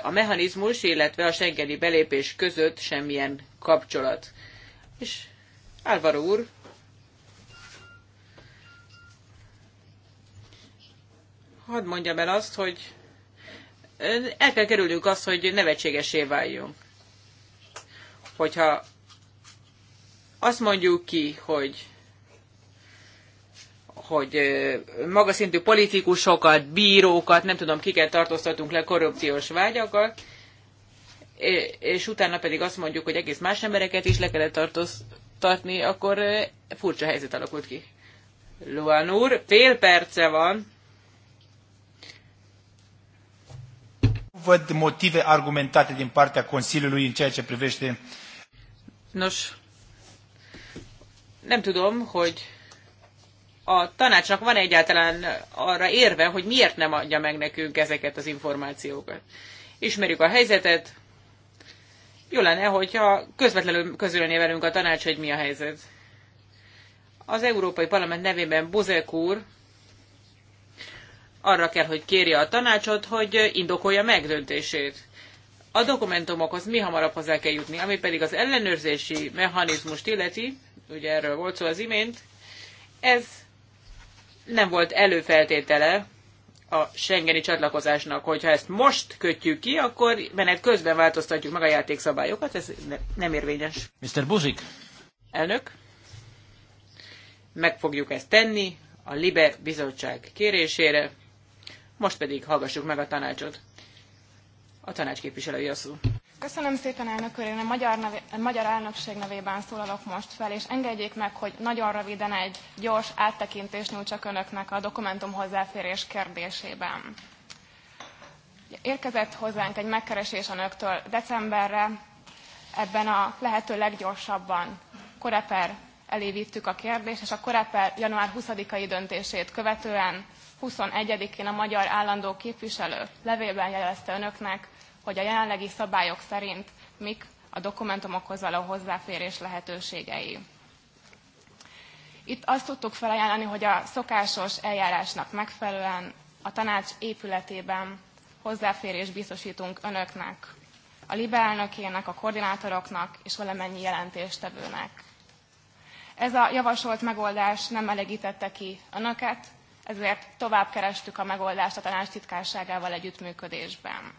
a mechanizmus, illetve a Schengeni belépés között semmilyen kapcsolat. És Álvaro úr hadd mondjam el azt, hogy el kell kerülnünk azt, hogy nevetségesé váljunk. Hogyha azt mondjuk ki, hogy hogy magas szintű politikusokat, bírókat, nem tudom kiket tartóztatunk le korrupciós vágyakkal, és utána pedig azt mondjuk, hogy egész más embereket is le kellett tartani, akkor furcsa helyzet alakult ki. Luan úr, fél perce van. văd motive argumentate din partea Consiliului în ceea ce privește. Nos, nem tudom, hogy a tanácsnak van egyáltalán arra érve, hogy miért nem adja meg nekünk ezeket az információkat. Ismerjük a helyzetet, jó lenne, hogyha közvetlenül közölné velünk a tanács, hogy mi a helyzet. Az Európai Parlament nevében Buzek úr arra kell, hogy kérje a tanácsot, hogy indokolja megdöntését. A dokumentumokhoz mi hamarabb hozzá kell jutni, ami pedig az ellenőrzési mechanizmust illeti, ugye erről volt szó az imént, ez nem volt előfeltétele a Schengeni csatlakozásnak, hogyha ezt most kötjük ki, akkor menet közben változtatjuk meg a játékszabályokat, ez nem érvényes. Mr. Buzik. Elnök, meg fogjuk ezt tenni a Libe bizottság kérésére. Most pedig hallgassuk meg a tanácsot. A tanács képviselői a szó. Köszönöm szépen, elnök úr. Én a magyar, nevé, a magyar elnökség nevében szólalok most fel, és engedjék meg, hogy nagyon röviden egy gyors áttekintést nyújtsak önöknek a dokumentum hozzáférés kérdésében. Érkezett hozzánk egy megkeresés önöktől decemberre, ebben a lehető leggyorsabban Koreper elé vittük a kérdést, és a Koreper január 20-ai döntését követően 21-én a magyar állandó képviselő levélben jelezte önöknek, hogy a jelenlegi szabályok szerint mik a dokumentumokhoz való hozzáférés lehetőségei. Itt azt tudtuk felajánlani, hogy a szokásos eljárásnak megfelelően a tanács épületében hozzáférés biztosítunk önöknek, a LIBE elnökének, a koordinátoroknak és valamennyi jelentéstevőnek. Ez a javasolt megoldás nem elegítette ki önöket, ezért tovább kerestük a megoldást a tanács titkárságával együttműködésben.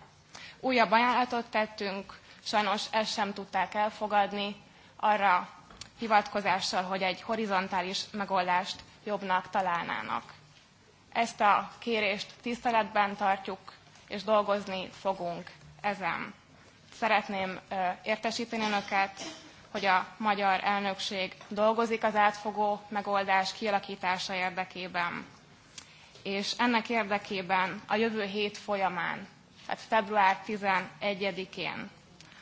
Újabb ajánlatot tettünk, sajnos ezt sem tudták elfogadni, arra hivatkozással, hogy egy horizontális megoldást jobbnak találnának. Ezt a kérést tiszteletben tartjuk, és dolgozni fogunk ezen. Szeretném értesíteni önöket, hogy a magyar elnökség dolgozik az átfogó megoldás kialakítása érdekében és ennek érdekében a jövő hét folyamán, tehát február 11-én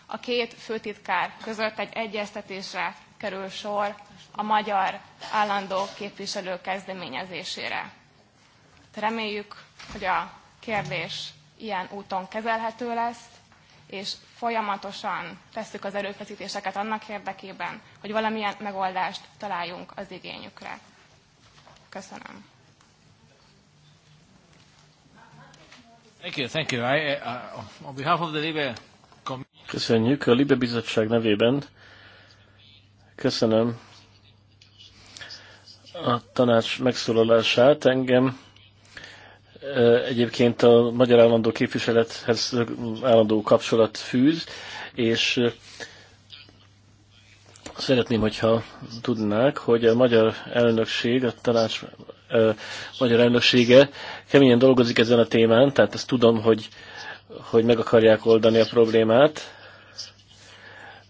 a két főtitkár között egy egyeztetésre kerül sor a magyar állandó képviselő kezdeményezésére. Reméljük, hogy a kérdés ilyen úton kezelhető lesz, és folyamatosan tesszük az erőfeszítéseket annak érdekében, hogy valamilyen megoldást találjunk az igényükre. Köszönöm. Thank you, thank you. I, uh, on behalf of the Libe Köszönjük a Libe Bizottság nevében. Köszönöm a tanács megszólalását. Engem egyébként a Magyar Állandó Képviselethez állandó kapcsolat fűz, és szeretném, hogyha tudnák, hogy a magyar elnökség a tanács magyar elnöksége keményen dolgozik ezen a témán, tehát ezt tudom, hogy, hogy meg akarják oldani a problémát,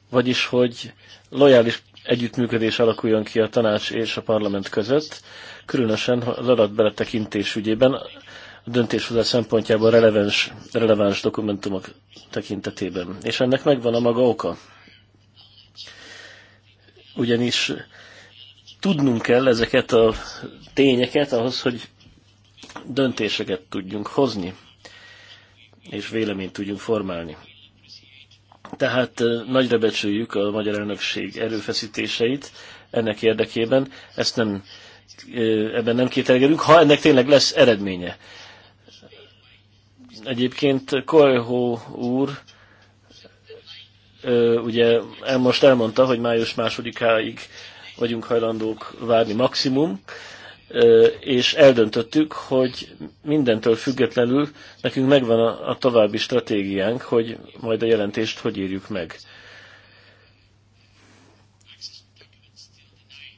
vagyis, hogy lojális együttműködés alakuljon ki a tanács és a parlament között, különösen az adatbeletekintés ügyében, a döntéshozás szempontjából releváns, releváns dokumentumok tekintetében. És ennek megvan a maga oka. Ugyanis tudnunk kell ezeket a tényeket ahhoz, hogy döntéseket tudjunk hozni, és véleményt tudjunk formálni. Tehát nagyra becsüljük a magyar elnökség erőfeszítéseit ennek érdekében, ezt nem, ebben nem kételkedünk, ha ennek tényleg lesz eredménye. Egyébként Kolyhó úr ugye most elmondta, hogy május másodikáig vagyunk hajlandók várni maximum, és eldöntöttük, hogy mindentől függetlenül nekünk megvan a, további stratégiánk, hogy majd a jelentést hogy írjuk meg.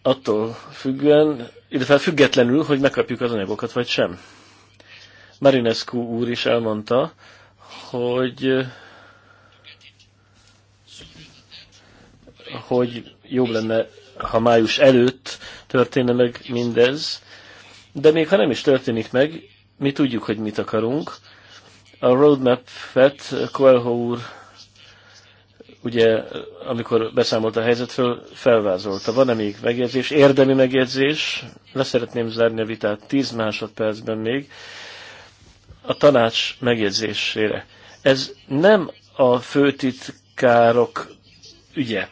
Attól függően, illetve függetlenül, hogy megkapjuk az anyagokat, vagy sem. Marinescu úr is elmondta, hogy hogy jobb lenne ha május előtt történne meg mindez, de még ha nem is történik meg, mi tudjuk, hogy mit akarunk. A roadmap-et Coelho úr ugye, amikor beszámolt a helyzetről, felvázolta. Van-e még megjegyzés? Érdemi megjegyzés? Leszeretném zárni a vitát 10 másodpercben még. A tanács megjegyzésére. Ez nem a főtitkárok ügye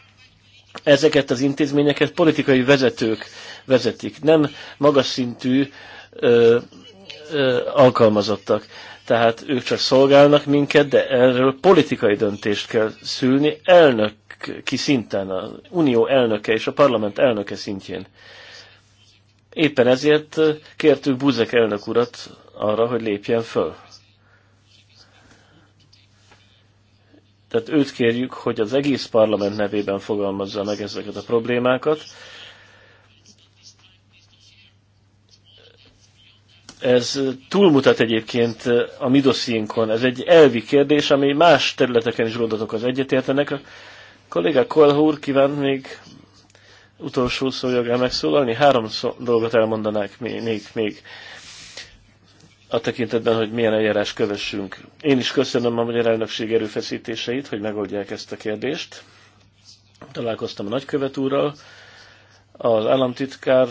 ezeket az intézményeket politikai vezetők vezetik, nem magas szintű ö, ö, alkalmazottak. Tehát ők csak szolgálnak minket, de erről politikai döntést kell szülni elnök ki szinten, az unió elnöke és a parlament elnöke szintjén. Éppen ezért kértük Buzek elnök urat arra, hogy lépjen föl. Tehát őt kérjük, hogy az egész parlament nevében fogalmazza meg ezeket a problémákat. Ez túlmutat egyébként a mi dossziénkon. Ez egy elvi kérdés, ami más területeken is gondotok az egyetértenek. A kollégák Kolha úr kívánt még utolsó szójogán megszólalni. Három szó, dolgot elmondanák még. még a tekintetben, hogy milyen eljárás kövessünk. Én is köszönöm a Magyar Elnökség erőfeszítéseit, hogy megoldják ezt a kérdést. Találkoztam a nagykövet úrral, az államtitkár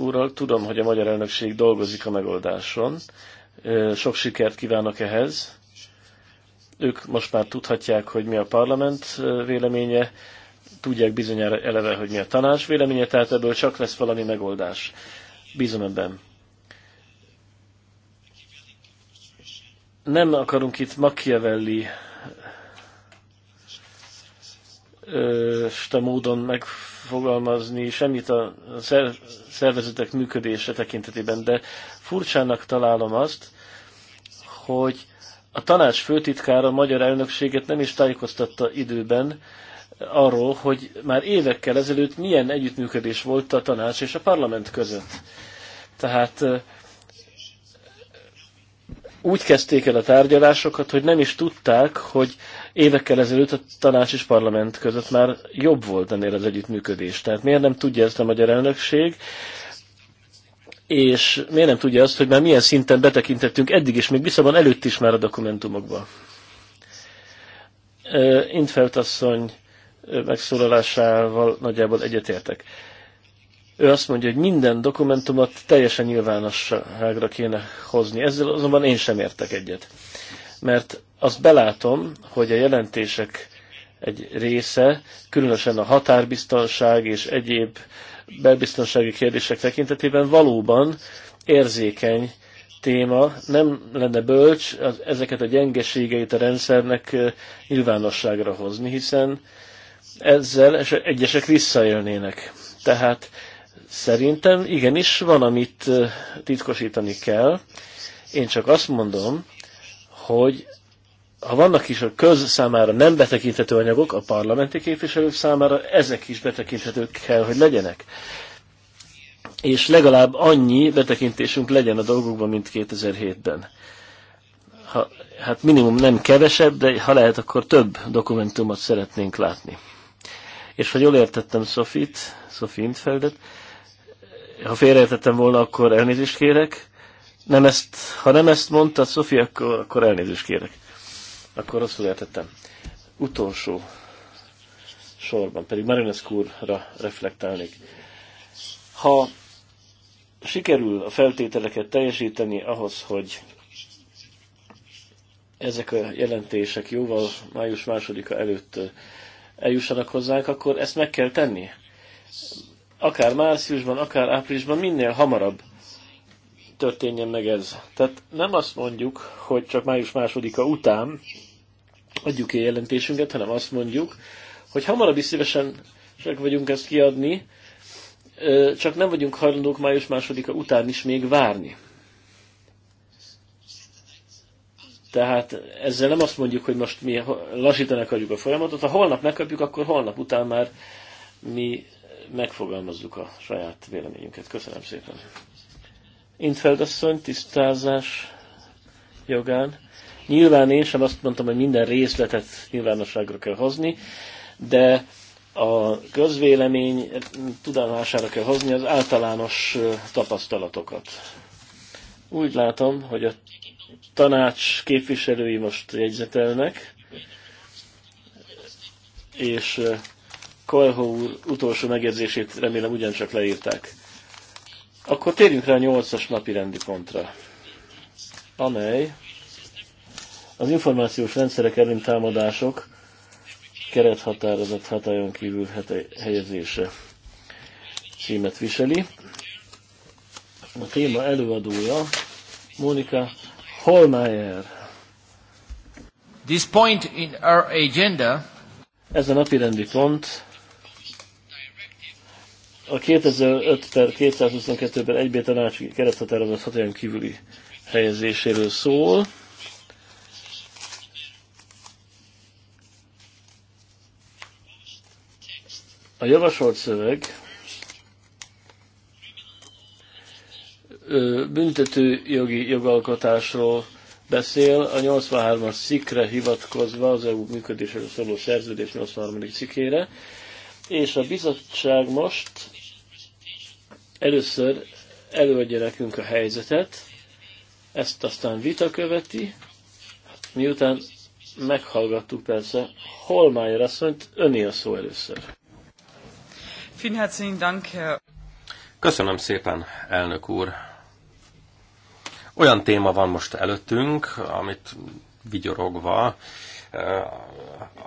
úrral. Tudom, hogy a Magyar Elnökség dolgozik a megoldáson. Sok sikert kívánok ehhez. Ők most már tudhatják, hogy mi a parlament véleménye, tudják bizonyára eleve, hogy mi a tanács véleménye, tehát ebből csak lesz valami megoldás. Bízom ebben nem akarunk itt Machiavelli sta módon megfogalmazni semmit a szervezetek működése tekintetében, de furcsának találom azt, hogy a tanács főtitkára a magyar elnökséget nem is tájékoztatta időben arról, hogy már évekkel ezelőtt milyen együttműködés volt a tanács és a parlament között. Tehát úgy kezdték el a tárgyalásokat, hogy nem is tudták, hogy évekkel ezelőtt a tanács és parlament között már jobb volt ennél az együttműködés. Tehát miért nem tudja ezt a magyar elnökség, és miért nem tudja azt, hogy már milyen szinten betekintettünk eddig is, még viszont előtt is már a dokumentumokba. Intfelt asszony megszólalásával nagyjából egyetértek. Ő azt mondja, hogy minden dokumentumot teljesen nyilvánosságra kéne hozni. Ezzel azonban én sem értek egyet. Mert azt belátom, hogy a jelentések egy része, különösen a határbiztonság és egyéb belbiztonsági kérdések tekintetében valóban érzékeny téma, nem lenne bölcs az, ezeket a gyengeségeit a rendszernek nyilvánosságra hozni, hiszen ezzel egyesek visszaélnének. Tehát Szerintem igenis van, amit titkosítani kell. Én csak azt mondom, hogy ha vannak is a köz számára nem betekinthető anyagok, a parlamenti képviselők számára ezek is betekinthetők kell, hogy legyenek. És legalább annyi betekintésünk legyen a dolgokban, mint 2007-ben. Ha, hát minimum nem kevesebb, de ha lehet, akkor több dokumentumot szeretnénk látni. És ha jól értettem Sofit, Sofint Intfeldet, ha félreértettem volna, akkor elnézést kérek. Nem ezt, ha nem ezt mondta Szofi, akkor, akkor elnézést kérek. Akkor rosszul értettem. Utolsó sorban, pedig Marinesz úrra reflektálnék. Ha sikerül a feltételeket teljesíteni ahhoz, hogy ezek a jelentések jóval május másodika előtt eljussanak hozzánk, akkor ezt meg kell tenni akár márciusban, akár áprilisban, minél hamarabb történjen meg ez. Tehát nem azt mondjuk, hogy csak május másodika után adjuk ki jelentésünket, hanem azt mondjuk, hogy hamarabb is szívesen csak vagyunk ezt kiadni, csak nem vagyunk hajlandók május másodika után is még várni. Tehát ezzel nem azt mondjuk, hogy most mi lassítanak adjuk a folyamatot, ha holnap megkapjuk, akkor holnap után már mi megfogalmazzuk a saját véleményünket. Köszönöm szépen. Intfeld asszony, tisztázás jogán. Nyilván én sem azt mondtam, hogy minden részletet nyilvánosságra kell hozni, de a közvélemény tudomására kell hozni az általános tapasztalatokat. Úgy látom, hogy a tanács képviselői most jegyzetelnek, és Koelho úr utolsó megjegyzését remélem ugyancsak leírták. Akkor térjünk rá a nyolcas napi rendi pontra, amely az információs rendszerek ellen támadások kerethatározat hatályon kívül helyezése címet viseli. A téma előadója Mónika Holmeyer. This point in our agenda ez a napi rendi pont a 2005 per 222-ben egybe tanácsi kerethatározat hatályon kívüli helyezéséről szól. A javasolt szöveg büntető jogi jogalkotásról beszél, a 83-as szikre hivatkozva, az EU működésről szóló szerződés 83. cikkére, és a bizottság most először előadja nekünk a helyzetet, ezt aztán vita követi, hát miután meghallgattuk persze Holmájer asszonyt, öné a szó először. Köszönöm szépen, elnök úr. Olyan téma van most előttünk, amit vigyorogva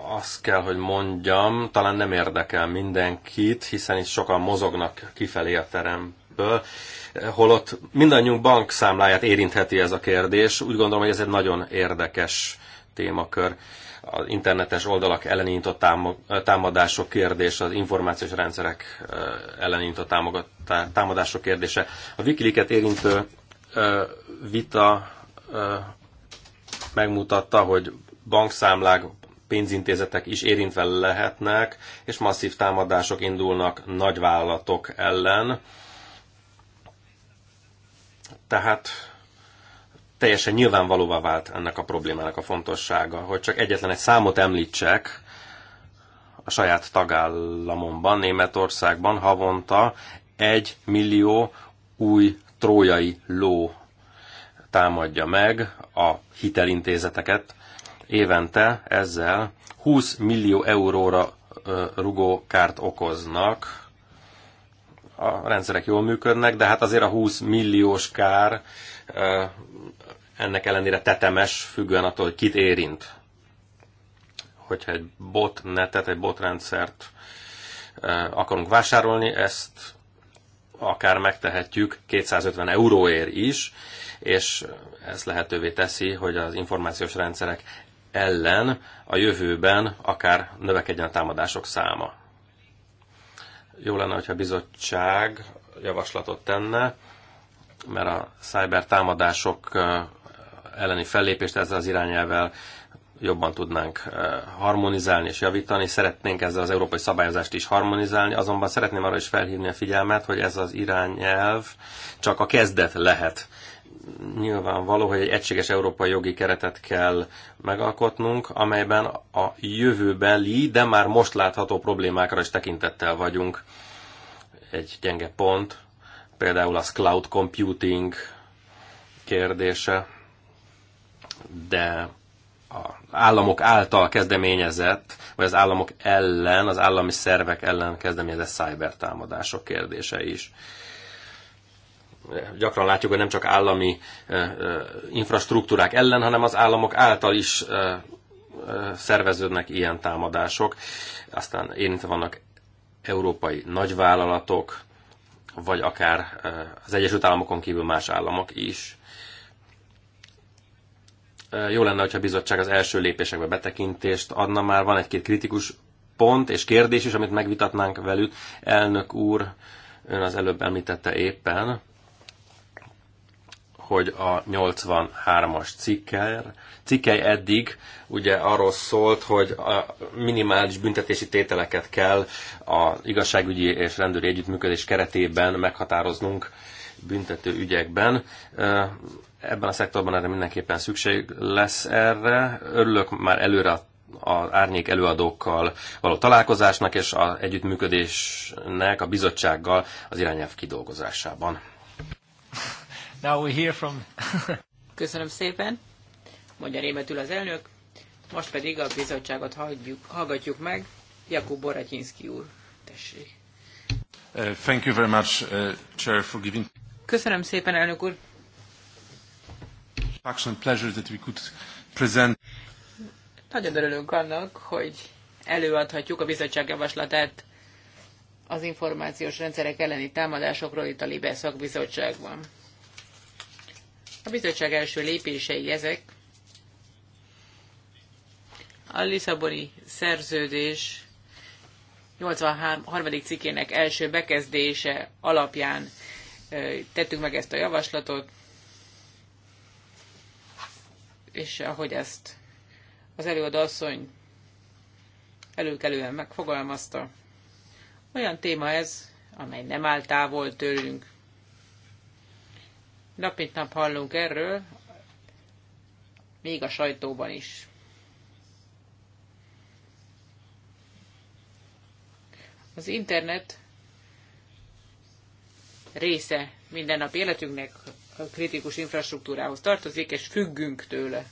azt kell, hogy mondjam, talán nem érdekel mindenkit, hiszen itt sokan mozognak kifelé a teremből, holott mindannyiunk bankszámláját érintheti ez a kérdés. Úgy gondolom, hogy ez egy nagyon érdekes témakör. Az internetes oldalak elleni támadások kérdése, az információs rendszerek elleni támadások kérdése. A Wikileaks-et érintő vita megmutatta, hogy bankszámlák, pénzintézetek is érintve lehetnek, és masszív támadások indulnak nagyvállalatok ellen. Tehát teljesen nyilvánvalóvá vált ennek a problémának a fontossága, hogy csak egyetlen egy számot említsek, a saját tagállamomban, Németországban havonta egy millió új trójai ló támadja meg a hitelintézeteket, évente ezzel 20 millió euróra rugó kárt okoznak. A rendszerek jól működnek, de hát azért a 20 milliós kár ennek ellenére tetemes, függően attól, hogy kit érint. Hogyha egy botnetet, egy botrendszert akarunk vásárolni, ezt akár megtehetjük 250 euróért is, és ez lehetővé teszi, hogy az információs rendszerek ellen a jövőben akár növekedjen a támadások száma. Jó lenne, hogyha a bizottság javaslatot tenne, mert a cyber támadások elleni fellépést ezzel az irányelvel jobban tudnánk harmonizálni és javítani. Szeretnénk ezzel az európai szabályozást is harmonizálni, azonban szeretném arra is felhívni a figyelmet, hogy ez az irányelv csak a kezdet lehet nyilvánvaló, hogy egy egységes európai jogi keretet kell megalkotnunk, amelyben a jövőbeli, de már most látható problémákra is tekintettel vagyunk. Egy gyenge pont, például az cloud computing kérdése, de az államok által kezdeményezett, vagy az államok ellen, az állami szervek ellen kezdeményezett cyber támadások kérdése is gyakran látjuk, hogy nem csak állami eh, eh, infrastruktúrák ellen, hanem az államok által is eh, szerveződnek ilyen támadások. Aztán érintve vannak európai nagyvállalatok, vagy akár az Egyesült Államokon kívül más államok is. Jó lenne, hogyha a bizottság az első lépésekbe betekintést adna már. Van egy-két kritikus pont és kérdés is, amit megvitatnánk velük. Elnök úr, ön az előbb említette éppen, hogy a 83-as cikkel, cikkely eddig ugye arról szólt, hogy a minimális büntetési tételeket kell a igazságügyi és rendőri együttműködés keretében meghatároznunk büntető ügyekben. Ebben a szektorban erre mindenképpen szükség lesz erre. Örülök már előre a az árnyék előadókkal való találkozásnak és az együttműködésnek a bizottsággal az irányelv kidolgozásában. Now we hear from... Köszönöm szépen, mondja németül az elnök. Most pedig a bizottságot hagyjuk, hallgatjuk meg. Jakub Boratinski úr, tessék. Uh, thank you very much, uh, Chair, for giving... Köszönöm szépen, elnök úr. pleasure that we could present. Nagyon örülünk annak, hogy előadhatjuk a bizottság javaslatát az információs rendszerek elleni támadásokról itt a Libe szakbizottságban. A bizottság első lépései ezek. A Lisszaboni szerződés 83. cikkének első bekezdése alapján tettük meg ezt a javaslatot, és ahogy ezt az előadó asszony előkelően megfogalmazta, olyan téma ez, amely nem áll távol tőlünk. Nap mint nap hallunk erről, még a sajtóban is. Az internet része mindennapi életünknek a kritikus infrastruktúrához tartozik, és függünk tőle.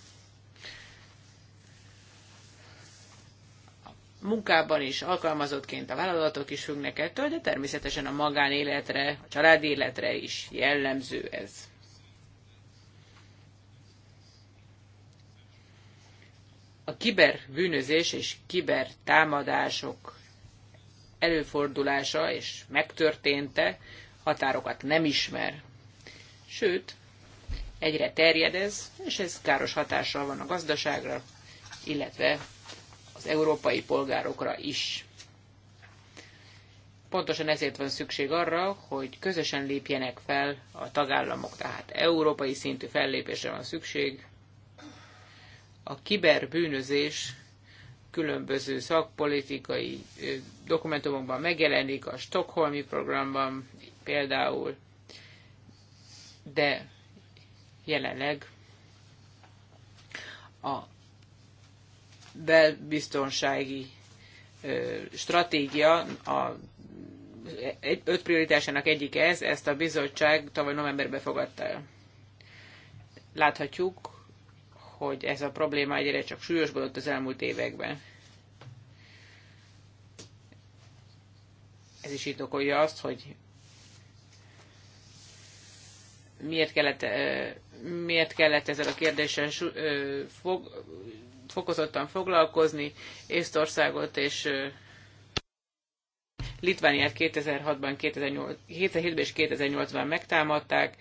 munkában is, alkalmazottként a vállalatok is függnek ettől, de természetesen a magánéletre, a családi életre is jellemző ez. a kiberbűnözés és kibertámadások előfordulása és megtörténte határokat nem ismer. Sőt, egyre terjed ez, és ez káros hatással van a gazdaságra, illetve az európai polgárokra is. Pontosan ezért van szükség arra, hogy közösen lépjenek fel a tagállamok, tehát európai szintű fellépésre van szükség, a kiberbűnözés különböző szakpolitikai dokumentumokban megjelenik, a Stockholmi programban például, de jelenleg a belbiztonsági stratégia a egy, öt prioritásának egyik ez, ezt a bizottság tavaly novemberben fogadta el. Láthatjuk, hogy ez a probléma egyre csak súlyosbodott az elmúlt években. Ez is okolja azt, hogy miért kellett, miért kellett ezzel a kérdéssel fog, fokozottan foglalkozni. Észtországot és Litvániát 2006-ban, 2007-ben és 2008-ban megtámadták,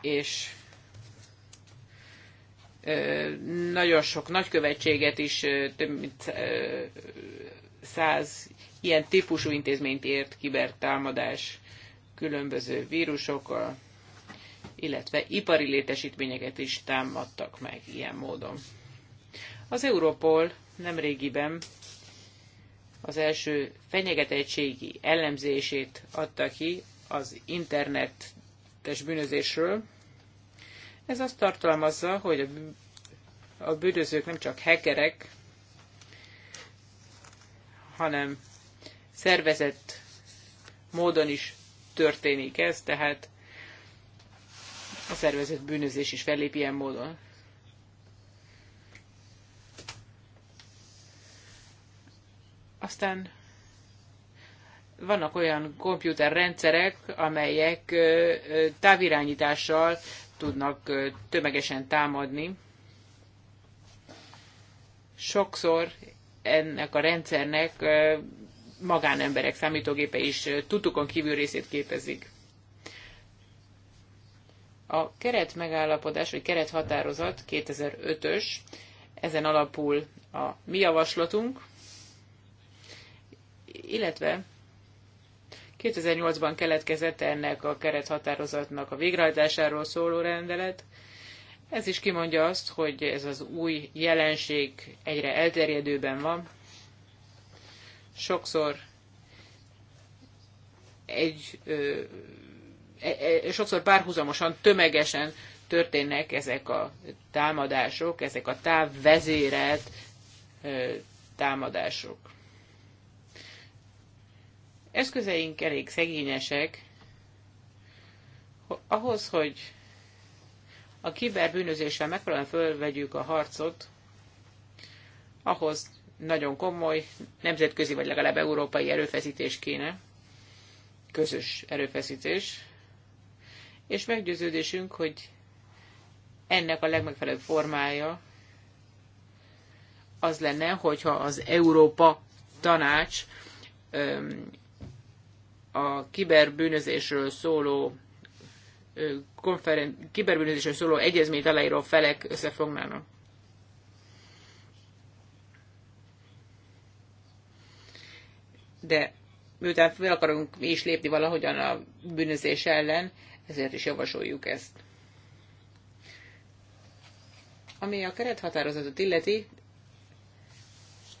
és nagyon sok nagykövetséget is, több mint száz ilyen típusú intézményt ért kibertámadás különböző vírusokkal, illetve ipari létesítményeket is támadtak meg ilyen módon. Az Europol nemrégiben az első fenyegetettségi ellenzését adta ki az internetes bűnözésről, ez azt tartalmazza, hogy a bűnözők nem csak hekerek, hanem szervezett módon is történik ez, tehát a szervezett bűnözés is fellép ilyen módon. Aztán vannak olyan komputerrendszerek, amelyek távirányítással tudnak tömegesen támadni. Sokszor ennek a rendszernek magánemberek számítógépe is tudtukon kívül részét képezik. A keret megállapodás, vagy keret határozat 2005-ös, ezen alapul a mi javaslatunk, illetve 2008-ban keletkezett ennek a kerethatározatnak a végrehajtásáról szóló rendelet. Ez is kimondja azt, hogy ez az új jelenség egyre elterjedőben van. Sokszor egy, ö, e, e, sokszor párhuzamosan, tömegesen történnek ezek a támadások, ezek a távvezérelt ö, támadások. Eszközeink elég szegényesek ahhoz, hogy a kiberbűnözéssel megfelelően fölvegyük a harcot, ahhoz nagyon komoly nemzetközi, vagy legalább európai erőfeszítés kéne, közös erőfeszítés, és meggyőződésünk, hogy ennek a legmegfelelőbb formája az lenne, hogyha az Európa tanács a kiberbűnözésről szóló konferen- kiberbűnözésről szóló egyezményt aláíró felek összefognának. De miután fel akarunk mi is lépni valahogyan a bűnözés ellen, ezért is javasoljuk ezt. Ami a kerethatározatot illeti,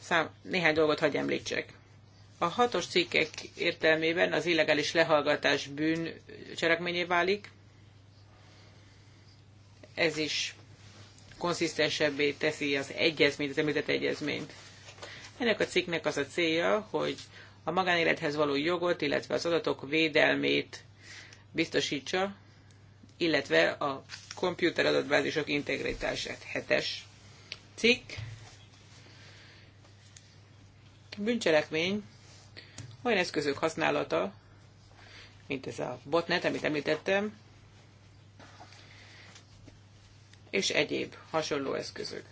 szám, néhány dolgot hagy említsek. A hatos cikkek értelmében az illegális lehallgatás bűn cselekményé válik. Ez is konszisztensebbé teszi az egyezményt, az említett egyezményt. Ennek a cikknek az a célja, hogy a magánélethez való jogot, illetve az adatok védelmét biztosítsa, illetve a komputer adatbázisok integritását. Hetes cikk. Bűncselekmény olyan eszközök használata, mint ez a botnet, amit említettem, és egyéb hasonló eszközök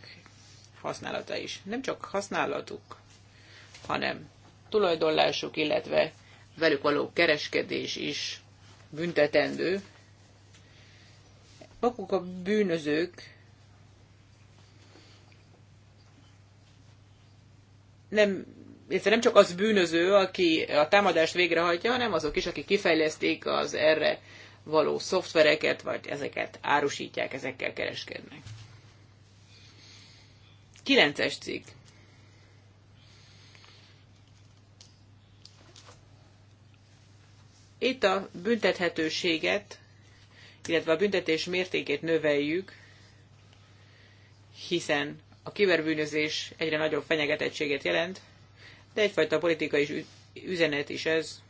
használata is. Nem csak használatuk, hanem tulajdonlásuk, illetve velük való kereskedés is büntetendő. Maguk a bűnözők nem egyszerűen nem csak az bűnöző, aki a támadást végrehajtja, hanem azok is, akik kifejleszték az erre való szoftvereket, vagy ezeket árusítják, ezekkel kereskednek. Kilences cikk. Itt a büntethetőséget, illetve a büntetés mértékét növeljük, hiszen a kiberbűnözés egyre nagyobb fenyegetettséget jelent, de egyfajta politikai üzenet is ez.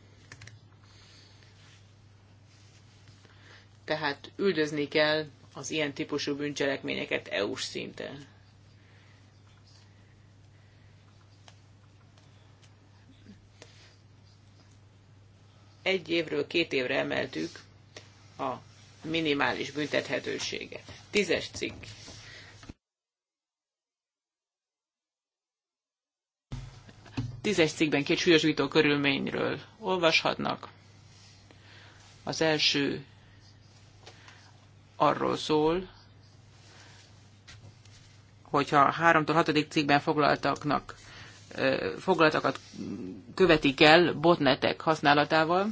Tehát üldözni kell az ilyen típusú bűncselekményeket EU-s szinten. Egy évről két évre emeltük a minimális büntethetőséget. Tízes cikk. tízes cikkben két súlyosító körülményről olvashatnak. Az első arról szól, hogyha 3-tól 6. cikkben foglaltaknak, foglaltakat követik el botnetek használatával,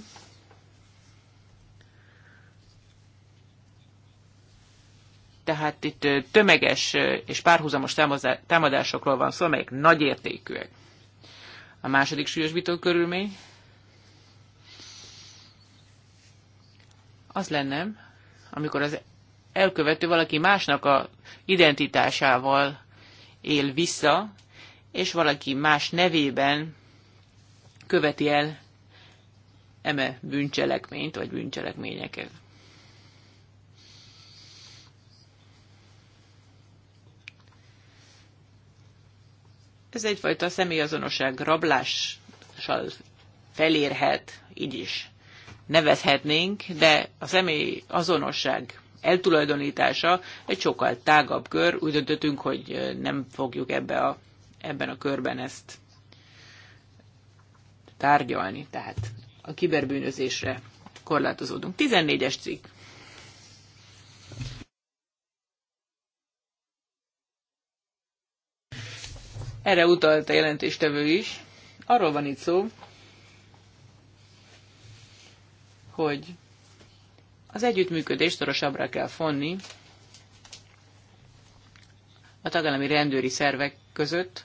tehát itt tömeges és párhuzamos támadásokról van szó, amelyek nagyértékűek. A második súlyosbító körülmény az lenne, amikor az elkövető valaki másnak a identitásával él vissza, és valaki más nevében követi el eme bűncselekményt, vagy bűncselekményeket. Ez egyfajta személyazonosság rablással felérhet, így is nevezhetnénk, de a személy azonosság eltulajdonítása egy sokkal tágabb kör. Úgy döntöttünk, hogy nem fogjuk ebbe a, ebben a körben ezt tárgyalni, tehát a kiberbűnözésre korlátozódunk. 14-es cikk. Erre utalt a jelentéstevő is. Arról van itt szó, hogy az együttműködést szorosabbra kell fonni a tagállami rendőri szervek között,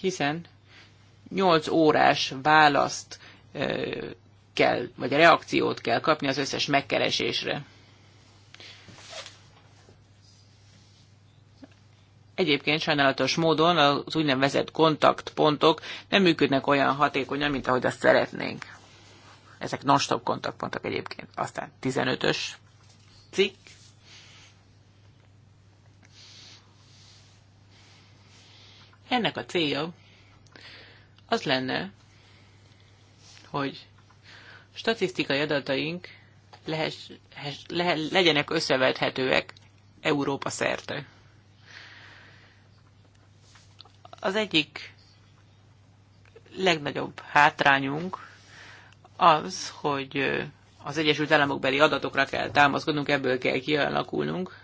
hiszen 8 órás választ kell, vagy reakciót kell kapni az összes megkeresésre. Egyébként sajnálatos módon az úgynevezett kontaktpontok nem működnek olyan hatékonyan, mint ahogy azt szeretnénk. Ezek non-stop kontaktpontok egyébként. Aztán 15-ös cikk. Ennek a célja az lenne, hogy statisztikai adataink lehess, le, legyenek összevethetőek Európa szerte. Az egyik legnagyobb hátrányunk az, hogy az Egyesült Államok beli adatokra kell támaszkodnunk, ebből kell kialakulnunk.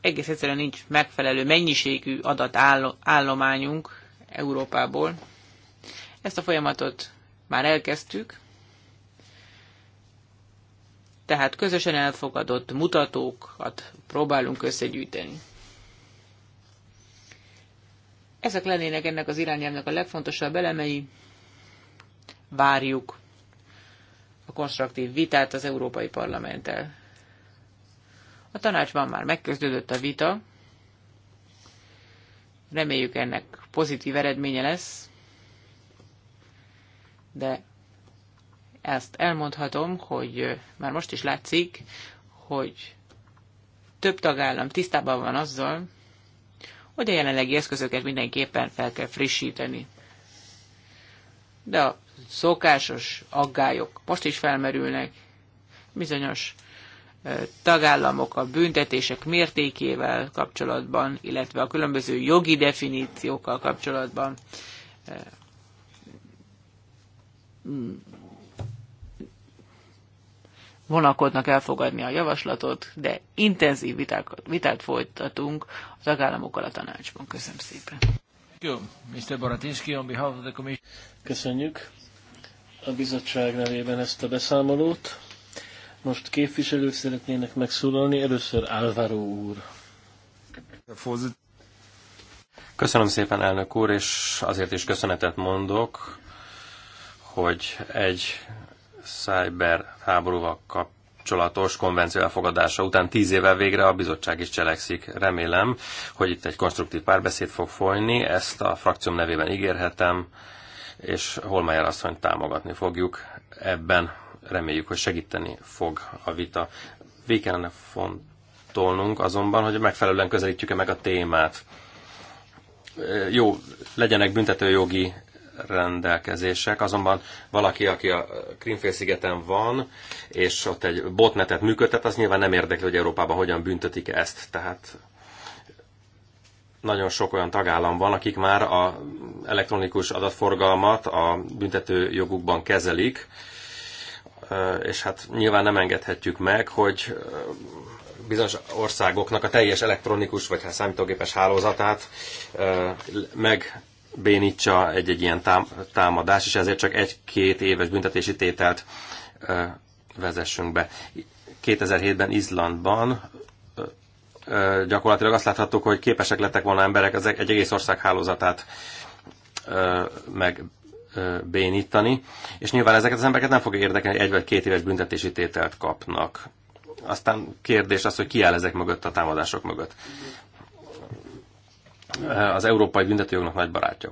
Egész egyszerűen nincs megfelelő mennyiségű adatállományunk Európából. Ezt a folyamatot már elkezdtük, tehát közösen elfogadott mutatókat próbálunk összegyűjteni. Ezek lennének ennek az irányelvnek a legfontosabb elemei. Várjuk a konstruktív vitát az Európai Parlamenttel. A tanácsban már megkezdődött a vita. Reméljük ennek pozitív eredménye lesz, de ezt elmondhatom, hogy már most is látszik, hogy több tagállam tisztában van azzal, hogy a jelenlegi eszközöket mindenképpen fel kell frissíteni. De a szokásos aggályok most is felmerülnek, bizonyos tagállamok a büntetések mértékével kapcsolatban, illetve a különböző jogi definíciókkal kapcsolatban vonakodnak elfogadni a javaslatot, de intenzív vitákat, vitát folytatunk a tagállamokkal a tanácsban. Köszönöm szépen. Jó, Mr. Baratinsky, on behalf of the commission. Köszönjük a bizottság nevében ezt a beszámolót. Most képviselők szeretnének megszólalni. Először Álvaro úr. Köszönöm szépen, elnök úr, és azért is köszönetet mondok, hogy egy cyber háborúval kapcsolatos konvenció elfogadása után tíz évvel végre a bizottság is cselekszik. Remélem, hogy itt egy konstruktív párbeszéd fog folyni, ezt a frakcióm nevében ígérhetem, és Holmeyer asszonyt támogatni fogjuk. Ebben reméljük, hogy segíteni fog a vita. Végig fontolnunk azonban, hogy megfelelően közelítjük-e meg a témát jó, legyenek büntetőjogi rendelkezések, azonban valaki, aki a Krimfélszigeten van, és ott egy botnetet működtet, az nyilván nem érdekli, hogy Európában hogyan büntetik ezt. Tehát nagyon sok olyan tagállam van, akik már a elektronikus adatforgalmat a büntető jogukban kezelik, és hát nyilván nem engedhetjük meg, hogy bizonyos országoknak a teljes elektronikus vagy hát számítógépes hálózatát meg bénítsa egy-egy ilyen támadás, és ezért csak egy-két éves büntetési tételt vezessünk be. 2007-ben Izlandban gyakorlatilag azt láthattuk, hogy képesek lettek volna emberek ezek egy egész ország hálózatát megbénítani, és nyilván ezeket az embereket nem fogja érdekelni, hogy egy vagy két éves büntetési tételt kapnak. Aztán kérdés az, hogy ki áll ezek mögött a támadások mögött az európai büntetőjognak nagy barátja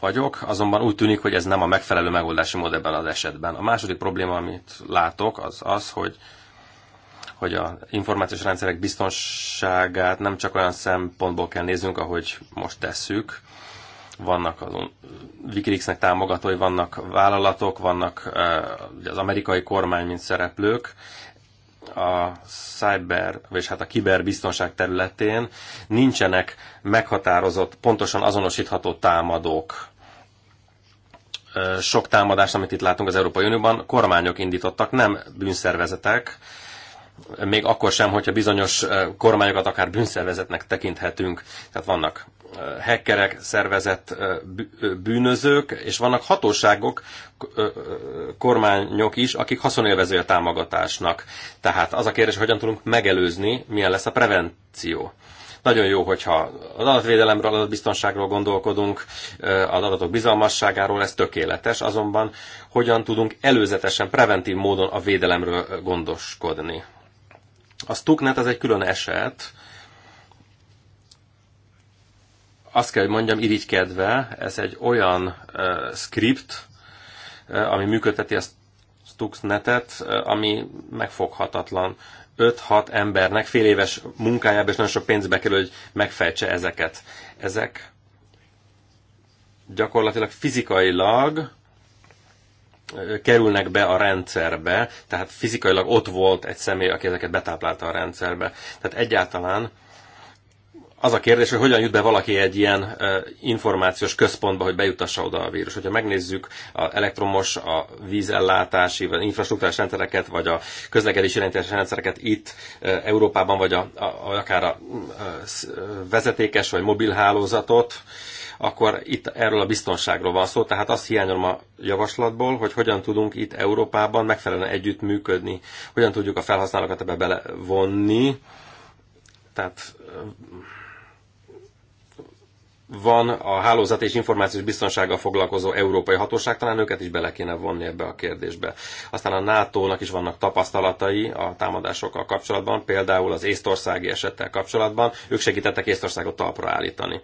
vagyok, azonban úgy tűnik, hogy ez nem a megfelelő megoldási mód ebben az esetben. A második probléma, amit látok, az az, hogy hogy a információs rendszerek biztonságát nem csak olyan szempontból kell néznünk, ahogy most tesszük. Vannak az Wikileaksnek támogatói, vannak vállalatok, vannak eh, az amerikai kormány, mint szereplők, a cyber, vagyis hát a kiberbiztonság területén nincsenek meghatározott, pontosan azonosítható támadók. Sok támadást, amit itt látunk az Európai Unióban, kormányok indítottak, nem bűnszervezetek, még akkor sem, hogyha bizonyos eh, kormányokat akár bűnszervezetnek tekinthetünk. Tehát vannak eh, hackerek, szervezett eh, bűnözők, és vannak hatóságok, kormányok is, akik haszonélvezői a támogatásnak. Tehát az a kérdés, hogyan tudunk megelőzni, milyen lesz a prevenció nagyon jó, hogyha az adatvédelemről, adatbiztonságról gondolkodunk, az adatok bizalmasságáról, ez tökéletes, azonban hogyan tudunk előzetesen, preventív módon a védelemről gondoskodni. A Stuknet az egy külön eset, azt kell, hogy mondjam, irigykedve, ez egy olyan uh, script, uh, ami működteti a Stuxnetet, uh, ami megfoghatatlan. 5-6 embernek fél éves munkájába és nagyon sok pénzbe kerül, hogy megfejtse ezeket. Ezek gyakorlatilag fizikailag kerülnek be a rendszerbe, tehát fizikailag ott volt egy személy, aki ezeket betáplálta a rendszerbe. Tehát egyáltalán az a kérdés, hogy hogyan jut be valaki egy ilyen információs központba, hogy bejutassa oda a vírus. Hogyha megnézzük a elektromos, a vízellátási, vagy infrastruktúrás rendszereket, vagy a közlekedési rendszeres rendszereket itt Európában, vagy a, a, akár a vezetékes vagy mobil hálózatot, akkor itt erről a biztonságról van szó, tehát azt hiányolom a javaslatból, hogy hogyan tudunk itt Európában megfelelően együttműködni, hogyan tudjuk a felhasználókat ebbe belevonni, tehát van a hálózat és információs biztonsággal foglalkozó európai hatóság, talán őket is bele kéne vonni ebbe a kérdésbe. Aztán a NATO-nak is vannak tapasztalatai a támadásokkal kapcsolatban, például az észtországi esettel kapcsolatban, ők segítettek Észtországot talpra állítani.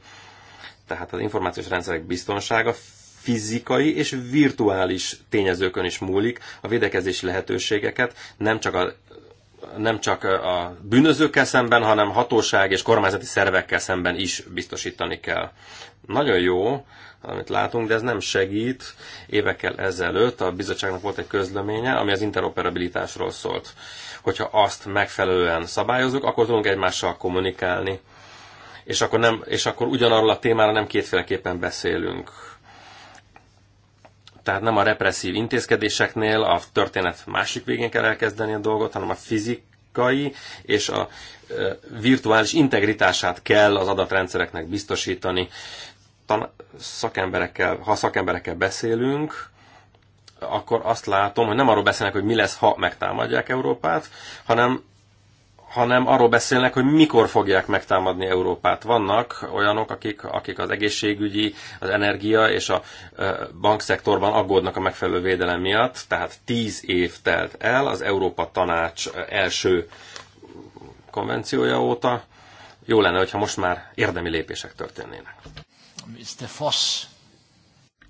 Tehát az információs rendszerek biztonsága fizikai és virtuális tényezőkön is múlik, a védekezési lehetőségeket nem csak a nem csak a bűnözőkkel szemben, hanem hatóság és kormányzati szervekkel szemben is biztosítani kell. Nagyon jó, amit látunk, de ez nem segít. Évekkel ezelőtt a bizottságnak volt egy közleménye, ami az interoperabilitásról szólt. Hogyha azt megfelelően szabályozunk, akkor tudunk egymással kommunikálni és akkor, nem, és akkor ugyanarról a témára nem kétféleképpen beszélünk. Tehát nem a represszív intézkedéseknél a történet másik végén kell elkezdeni a dolgot, hanem a fizikai és a virtuális integritását kell az adatrendszereknek biztosítani. szakemberekkel, ha szakemberekkel beszélünk, akkor azt látom, hogy nem arról beszélnek, hogy mi lesz, ha megtámadják Európát, hanem hanem arról beszélnek, hogy mikor fogják megtámadni Európát. Vannak olyanok, akik, akik az egészségügyi, az energia és a bankszektorban aggódnak a megfelelő védelem miatt, tehát tíz év telt el az Európa Tanács első konvenciója óta. Jó lenne, hogyha most már érdemi lépések történnének. Mr. Foss.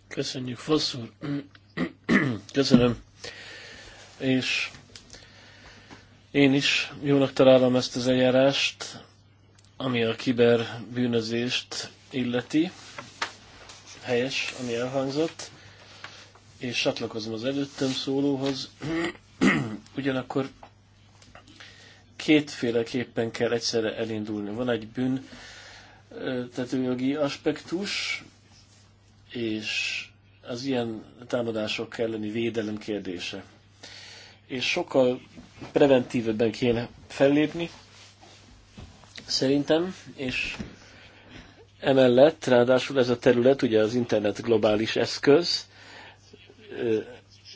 Köszönjük, Foss úr. Köszönöm. És én is jónak találom ezt az eljárást, ami a bűnözést illeti. Helyes, ami elhangzott. És csatlakozom az előttem szólóhoz. Ugyanakkor kétféleképpen kell egyszerre elindulni. Van egy bűn tetőjogi aspektus, és az ilyen támadások elleni védelem kérdése és sokkal preventívebben kéne fellépni, szerintem, és emellett ráadásul ez a terület, ugye az internet globális eszköz,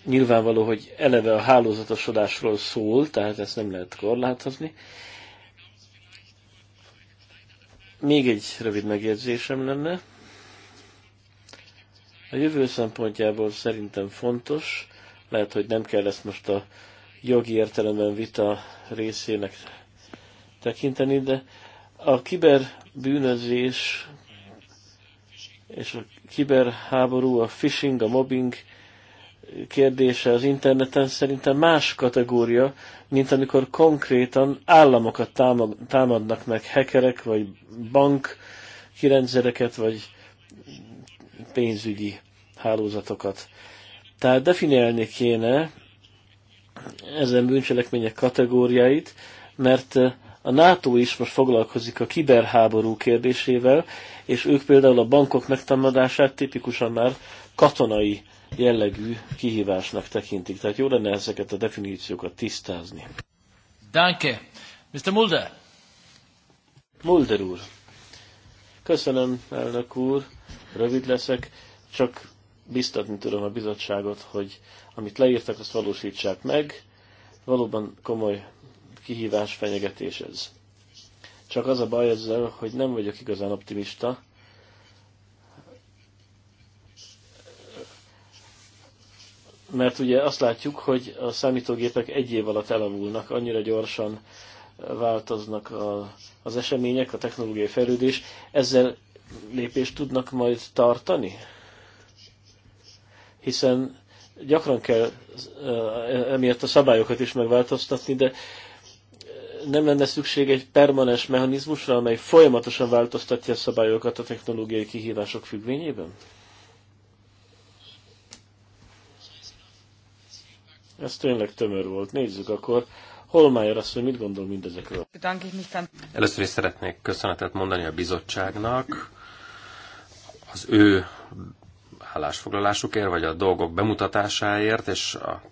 nyilvánvaló, hogy eleve a hálózatosodásról szól, tehát ezt nem lehet korlátozni. Még egy rövid megjegyzésem lenne. A jövő szempontjából szerintem fontos, lehet, hogy nem kell ezt most a jogi értelemben vita részének tekinteni, de a kiberbűnözés és a kiberháború, a phishing, a mobbing kérdése az interneten szerintem más kategória, mint amikor konkrétan államokat támadnak meg hackerek, vagy bank kirendszereket, vagy pénzügyi hálózatokat. Tehát definiálni kéne ezen bűncselekmények kategóriáit, mert eh, a NATO is most foglalkozik a kiberháború kérdésével, és ők például a bankok megtámadását tipikusan már katonai jellegű kihívásnak tekintik. Tehát jó lenne ezeket a definíciókat tisztázni. Danke. Mr. Mulder. Mulder úr. Köszönöm, elnök úr. Rövid leszek. Csak biztatni tudom a bizottságot, hogy amit leírtak, azt valósítsák meg. Valóban komoly kihívás, fenyegetés ez. Csak az a baj ezzel, hogy nem vagyok igazán optimista. Mert ugye azt látjuk, hogy a számítógépek egy év alatt elavulnak, annyira gyorsan változnak a, az események, a technológiai fejlődés. Ezzel lépést tudnak majd tartani? hiszen gyakran kell emiatt a szabályokat is megváltoztatni, de nem lenne szükség egy permanens mechanizmusra, amely folyamatosan változtatja a szabályokat a technológiai kihívások függvényében? Ez tényleg tömör volt. Nézzük akkor. Holmájer azt, hogy mit gondol mindezekről? Először is szeretnék köszönetet mondani a bizottságnak. Az ő állásfoglalásukért, vagy a dolgok bemutatásáért, és a,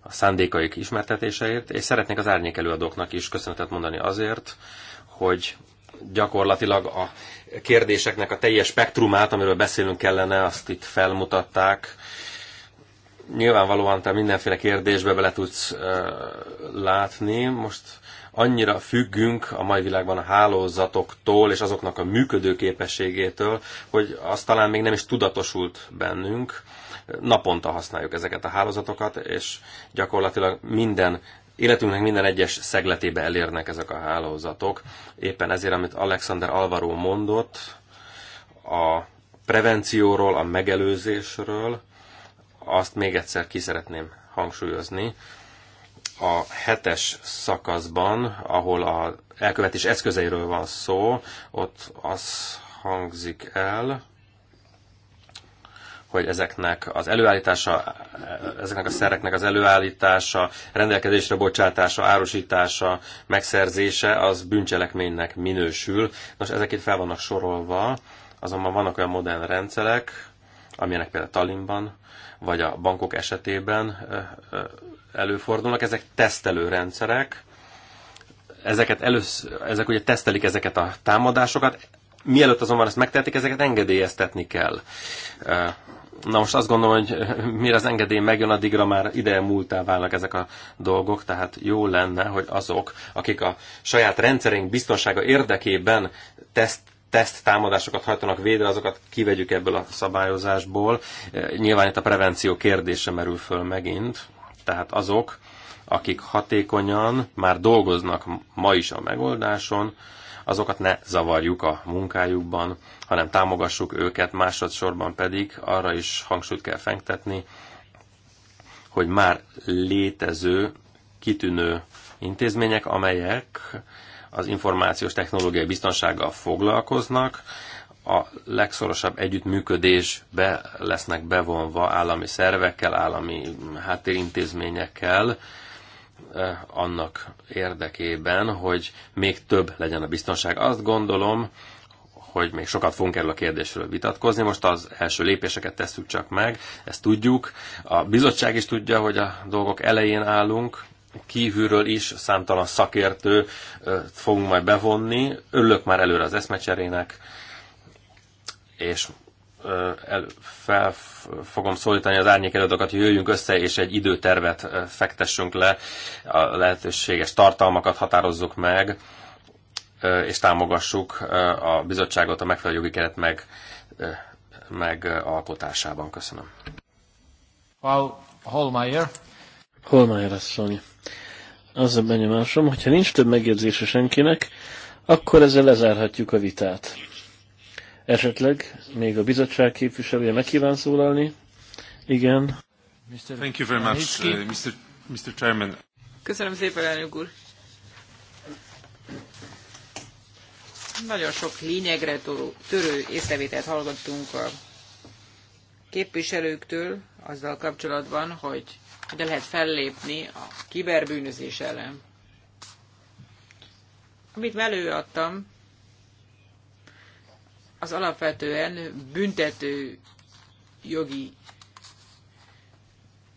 a szándékaik ismertetéseért, és szeretnék az árnyék előadóknak is köszönetet mondani azért, hogy gyakorlatilag a kérdéseknek a teljes spektrumát, amiről beszélünk kellene, azt itt felmutatták. Nyilvánvalóan te mindenféle kérdésbe bele tudsz uh, látni. Most annyira függünk a mai világban a hálózatoktól és azoknak a működőképességétől, hogy az talán még nem is tudatosult bennünk. Naponta használjuk ezeket a hálózatokat, és gyakorlatilag minden életünknek minden egyes szegletébe elérnek ezek a hálózatok. Éppen ezért, amit Alexander Alvaro mondott, a prevencióról, a megelőzésről, azt még egyszer ki szeretném hangsúlyozni, a hetes szakaszban, ahol a elkövetés eszközeiről van szó, ott az hangzik el, hogy ezeknek az előállítása, ezeknek a szereknek az előállítása, rendelkezésre bocsátása, árusítása, megszerzése, az bűncselekménynek minősül. Nos, ezek itt fel vannak sorolva, azonban vannak olyan modern rendszerek, amilyenek például Tallinnban, vagy a bankok esetében előfordulnak. Ezek tesztelő rendszerek, ezeket először, ezek ugye tesztelik ezeket a támadásokat, mielőtt azonban ezt megtehetik, ezeket engedélyeztetni kell. Na most azt gondolom, hogy mire az engedély megjön, addigra már ide múltá válnak ezek a dolgok, tehát jó lenne, hogy azok, akik a saját rendszerünk biztonsága érdekében teszt teszt támadásokat hajtanak védre, azokat kivegyük ebből a szabályozásból. E, nyilván itt a prevenció kérdése merül föl megint, tehát azok, akik hatékonyan már dolgoznak ma is a megoldáson, azokat ne zavarjuk a munkájukban, hanem támogassuk őket, másodszorban pedig arra is hangsúlyt kell fektetni, hogy már létező, kitűnő intézmények, amelyek az információs technológiai biztonsággal foglalkoznak, a legszorosabb együttműködésbe lesznek bevonva állami szervekkel, állami háttérintézményekkel, eh, annak érdekében, hogy még több legyen a biztonság. Azt gondolom, hogy még sokat fogunk erről a kérdésről vitatkozni. Most az első lépéseket tesszük csak meg, ezt tudjuk. A bizottság is tudja, hogy a dolgok elején állunk, kívülről is számtalan szakértő fogunk majd bevonni. Örülök már előre az eszmecserének, és el, fel fogom szólítani az árnyék előadókat, hogy jöjjünk össze, és egy időtervet fektessünk le, a lehetőséges tartalmakat határozzuk meg, és támogassuk a bizottságot a megfelelő jogi keret meg, meg alkotásában. Köszönöm. Well, Holmeyer. Holmeyer asszony az a benyomásom, hogyha nincs több megjegyzése senkinek, akkor ezzel lezárhatjuk a vitát. Esetleg még a bizottság képviselője megkíván szólalni? Igen. Thank you very much, uh, Mr. Mr. Chairman. Köszönöm szépen, elnök úr. Nagyon sok lényegre törő, törő észrevételt hallgattunk a képviselőktől azzal kapcsolatban, hogy de lehet fellépni a kiberbűnözés ellen. Amit előadtam, az alapvetően büntető jogi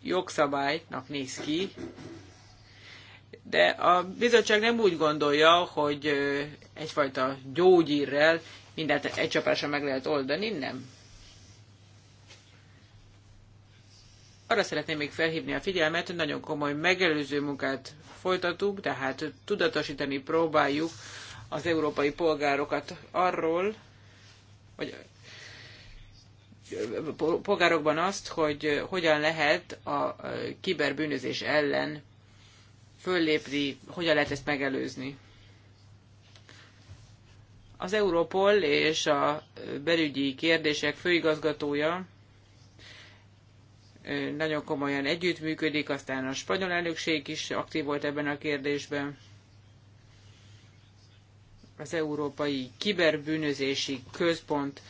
jogszabálynak néz ki, de a bizottság nem úgy gondolja, hogy egyfajta gyógyírrel mindent egy csapásra meg lehet oldani, nem. arra szeretném még felhívni a figyelmet, hogy nagyon komoly megelőző munkát folytatunk, tehát tudatosítani próbáljuk az európai polgárokat arról, hogy polgárokban azt, hogy hogyan lehet a kiberbűnözés ellen föllépni, hogyan lehet ezt megelőzni. Az Európol és a belügyi kérdések főigazgatója nagyon komolyan együttműködik, aztán a spanyol elnökség is aktív volt ebben a kérdésben. Az Európai Kiberbűnözési Központ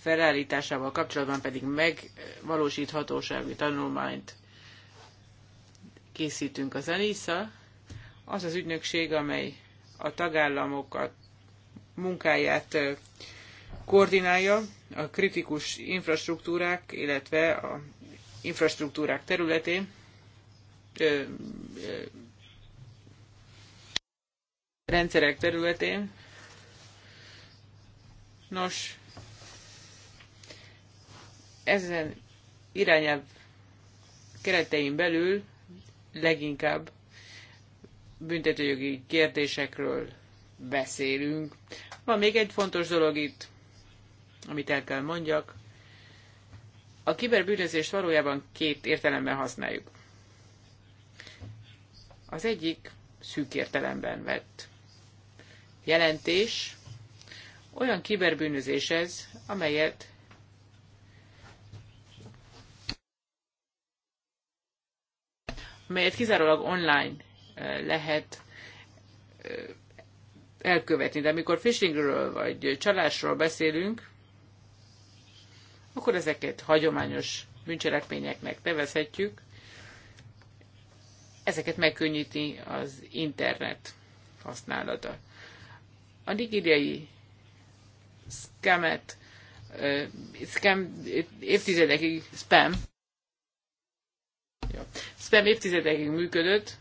felállításával kapcsolatban pedig megvalósíthatósági tanulmányt készítünk. Az ENISA az az ügynökség, amely a tagállamokat munkáját koordinálja, a kritikus infrastruktúrák, illetve a infrastruktúrák területén rendszerek területén. Nos, ezen irányelv keretein belül leginkább büntetőjogi kérdésekről beszélünk. Van még egy fontos dolog itt, amit el kell mondjak. A kiberbűnözést valójában két értelemben használjuk. Az egyik szűk értelemben vett jelentés, olyan kiberbűnözés ez, amelyet amelyet kizárólag online lehet elkövetni. De amikor phishingről vagy csalásról beszélünk, akkor ezeket hagyományos bűncselekményeknek nevezhetjük. Ezeket megkönnyíti az internet használata. A nigériai scamet, scam évtizedekig spam, spam évtizedekig működött,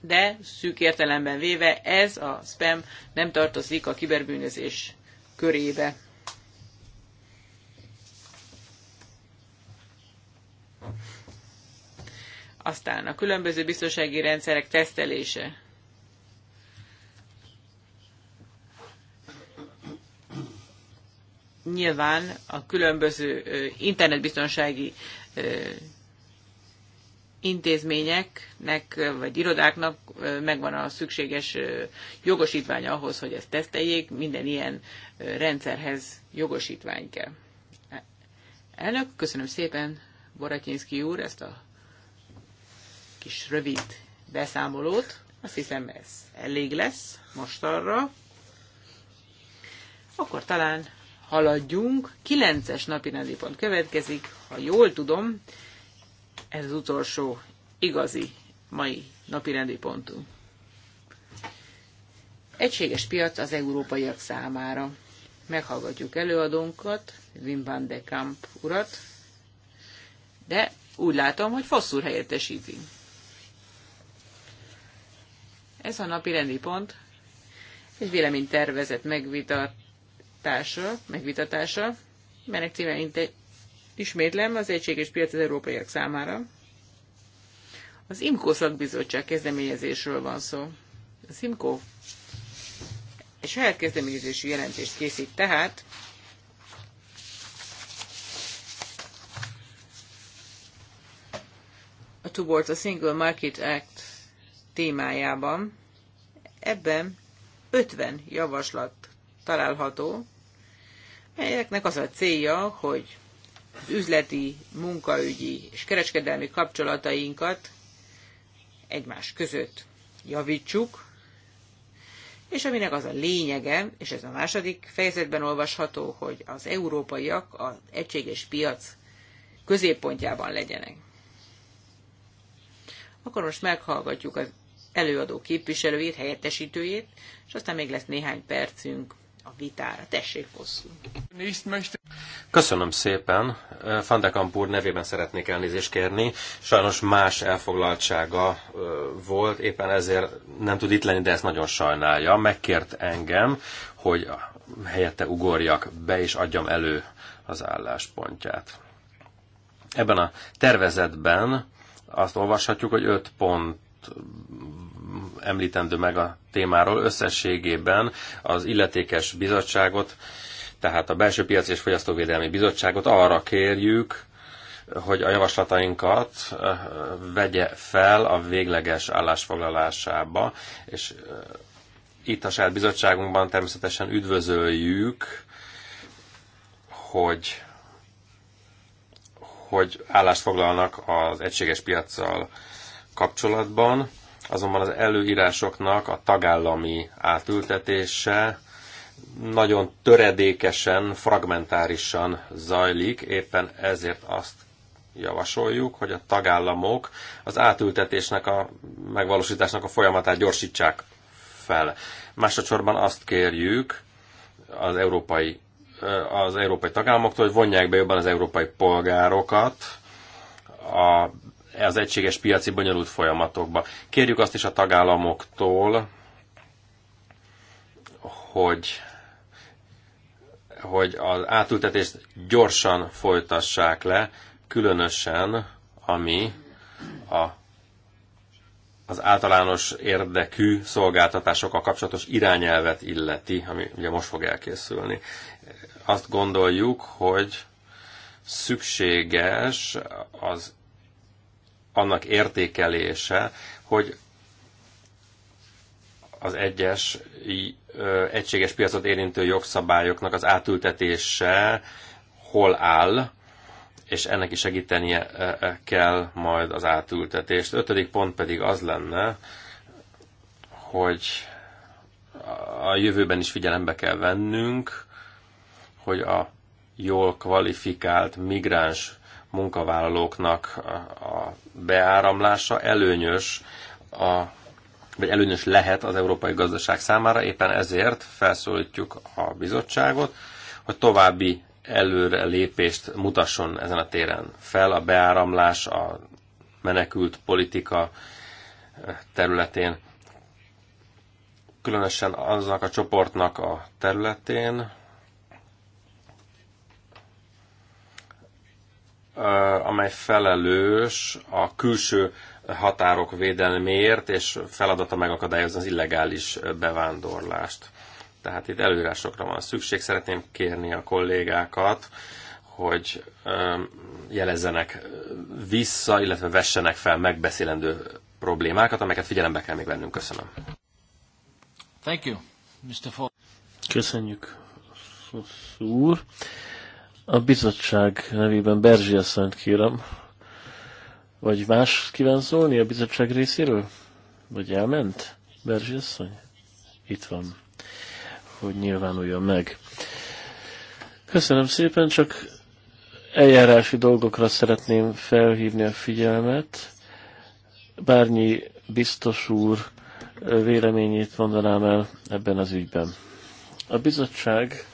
de szűk értelemben véve ez a spam nem tartozik a kiberbűnözés körébe. Aztán a különböző biztonsági rendszerek tesztelése. Nyilván a különböző internetbiztonsági intézményeknek vagy irodáknak megvan a szükséges jogosítvány ahhoz, hogy ezt teszteljék, minden ilyen rendszerhez jogosítvány kell. Elnök, köszönöm szépen, Boratyinszki úr, ezt a kis rövid beszámolót. Azt hiszem ez elég lesz most arra. Akkor talán haladjunk. Kilences napi pont következik, ha jól tudom, ez az utolsó igazi mai napi pontunk. Egységes piac az európaiak számára. Meghallgatjuk előadónkat, Wim van de Kamp urat, de úgy látom, hogy Fosszúr helyettesíti. Ez a napi rendi pont egy véleménytervezet megvitatása, megvitatása, melynek címe ismétlem az egységes piac az európaiak számára. Az IMCO szakbizottság kezdeményezésről van szó. Az IMCO egy saját kezdeményezési jelentést készít tehát, towards a Single Market Act témájában. Ebben 50 javaslat található, melyeknek az a célja, hogy az üzleti, munkaügyi és kereskedelmi kapcsolatainkat egymás között javítsuk, és aminek az a lényege, és ez a második fejezetben olvasható, hogy az európaiak az egységes piac középpontjában legyenek. Akkor most meghallgatjuk az előadó képviselőjét, helyettesítőjét, és aztán még lesz néhány percünk a vitára. Tessék, hosszú. Köszönöm szépen. Fandekamp úr nevében szeretnék elnézést kérni. Sajnos más elfoglaltsága volt, éppen ezért nem tud itt lenni, de ezt nagyon sajnálja. Megkért engem, hogy helyette ugorjak be és adjam elő az álláspontját. Ebben a tervezetben azt olvashatjuk, hogy öt pont említendő meg a témáról. Összességében az illetékes bizottságot, tehát a Belső Piac és Fogyasztóvédelmi Bizottságot arra kérjük, hogy a javaslatainkat vegye fel a végleges állásfoglalásába, és itt a saját bizottságunkban természetesen üdvözöljük, hogy hogy állást foglalnak az egységes piaccal kapcsolatban, azonban az előírásoknak a tagállami átültetése nagyon töredékesen, fragmentárisan zajlik, éppen ezért azt javasoljuk, hogy a tagállamok az átültetésnek, a megvalósításnak a folyamatát gyorsítsák fel. Másodszorban azt kérjük az európai, az európai tagállamoktól, hogy vonják be jobban az európai polgárokat a az egységes piaci bonyolult folyamatokba. Kérjük azt is a tagállamoktól, hogy hogy az átültetést gyorsan folytassák le, különösen ami a, az általános érdekű szolgáltatásokkal kapcsolatos irányelvet illeti, ami ugye most fog elkészülni. Azt gondoljuk, hogy szükséges az annak értékelése, hogy az egyes egységes piacot érintő jogszabályoknak az átültetése hol áll, és ennek is segítenie kell majd az átültetést. Ötödik pont pedig az lenne, hogy a jövőben is figyelembe kell vennünk, hogy a jól kvalifikált migráns munkavállalóknak a beáramlása előnyös a vagy előnyös lehet az európai gazdaság számára, éppen ezért felszólítjuk a bizottságot, hogy további előre lépést mutasson ezen a téren fel a beáramlás, a menekült politika eh, területén, különösen aznak a csoportnak a területén, Eh, amely felelős a külső határok védelméért, és feladata megakadályozni az illegális bevándorlást. Tehát itt előírásokra van szükség. Szeretném kérni a kollégákat, hogy eh, jelezzenek vissza, illetve vessenek fel megbeszélendő problémákat, amelyeket figyelembe kell még vennünk. Köszönöm. Thank you, Mr. Ford. Köszönjük, úr. A bizottság nevében Berzsi asszonyt kérem. Vagy más kíván szólni a bizottság részéről? Vagy elment? Berzsi asszony? Itt van. Hogy nyilvánuljon meg. Köszönöm szépen, csak eljárási dolgokra szeretném felhívni a figyelmet. Bárnyi biztos úr véleményét mondanám el ebben az ügyben. A bizottság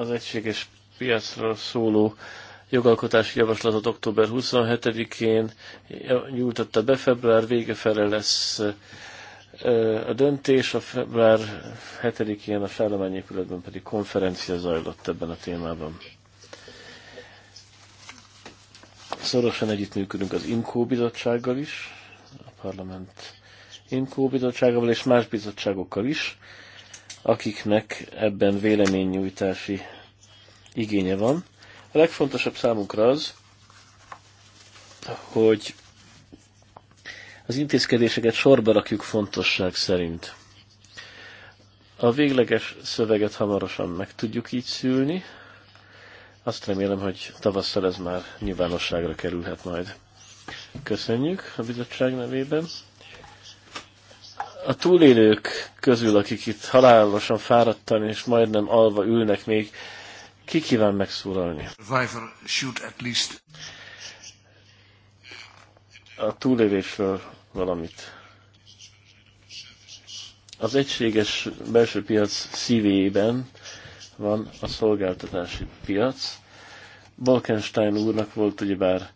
az egységes piacra szóló jogalkotási javaslatot október 27-én nyújtotta be, február vége fele lesz a döntés, a február 7-én a Fárlemány épületben pedig konferencia zajlott ebben a témában. Szorosan együttműködünk az INKÓ bizottsággal is, a parlament INKÓ bizottságával és más bizottságokkal is, akiknek ebben véleménynyújtási igénye van. A legfontosabb számunkra az, hogy az intézkedéseket sorba rakjuk fontosság szerint. A végleges szöveget hamarosan meg tudjuk így szülni. Azt remélem, hogy tavasszal ez már nyilvánosságra kerülhet majd. Köszönjük a bizottság nevében a túlélők közül, akik itt halálosan fáradtan és majdnem alva ülnek még, ki kíván megszólalni? A túlélésről valamit. Az egységes belső piac szívében van a szolgáltatási piac. Balkenstein úrnak volt ugyebár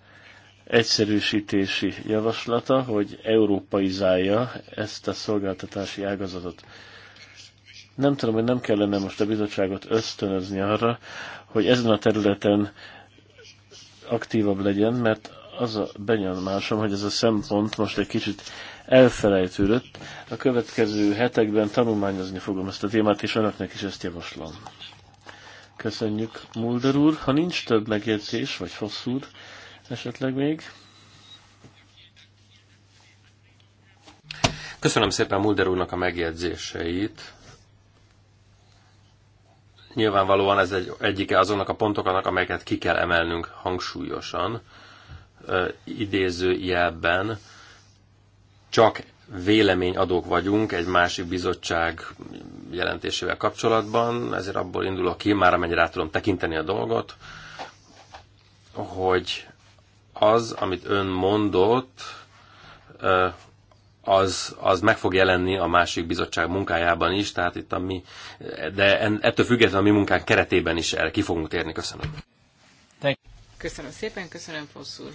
egyszerűsítési javaslata, hogy európaizálja ezt a szolgáltatási ágazatot. Nem tudom, hogy nem kellene most a bizottságot ösztönözni arra, hogy ezen a területen aktívabb legyen, mert az a benyomásom, hogy ez a szempont most egy kicsit elfelejtődött. A következő hetekben tanulmányozni fogom ezt a témát, és önöknek is ezt javaslom. Köszönjük, Mulder úr. Ha nincs több megjegyzés, vagy Fossz esetleg még. Köszönöm szépen Mulder úrnak a megjegyzéseit. Nyilvánvalóan ez egy, egyike azonnak a pontoknak, amelyeket ki kell emelnünk hangsúlyosan, ö, idéző jelben. Csak véleményadók vagyunk egy másik bizottság jelentésével kapcsolatban, ezért abból indulok ki, már amennyire rá tudom tekinteni a dolgot, hogy az, amit ön mondott, az, az meg fog jelenni a másik bizottság munkájában is, tehát itt a mi, de ettől függetlenül a mi munkánk keretében is erre ki fogunk térni. Köszönöm. Köszönöm szépen, köszönöm Fosszúr.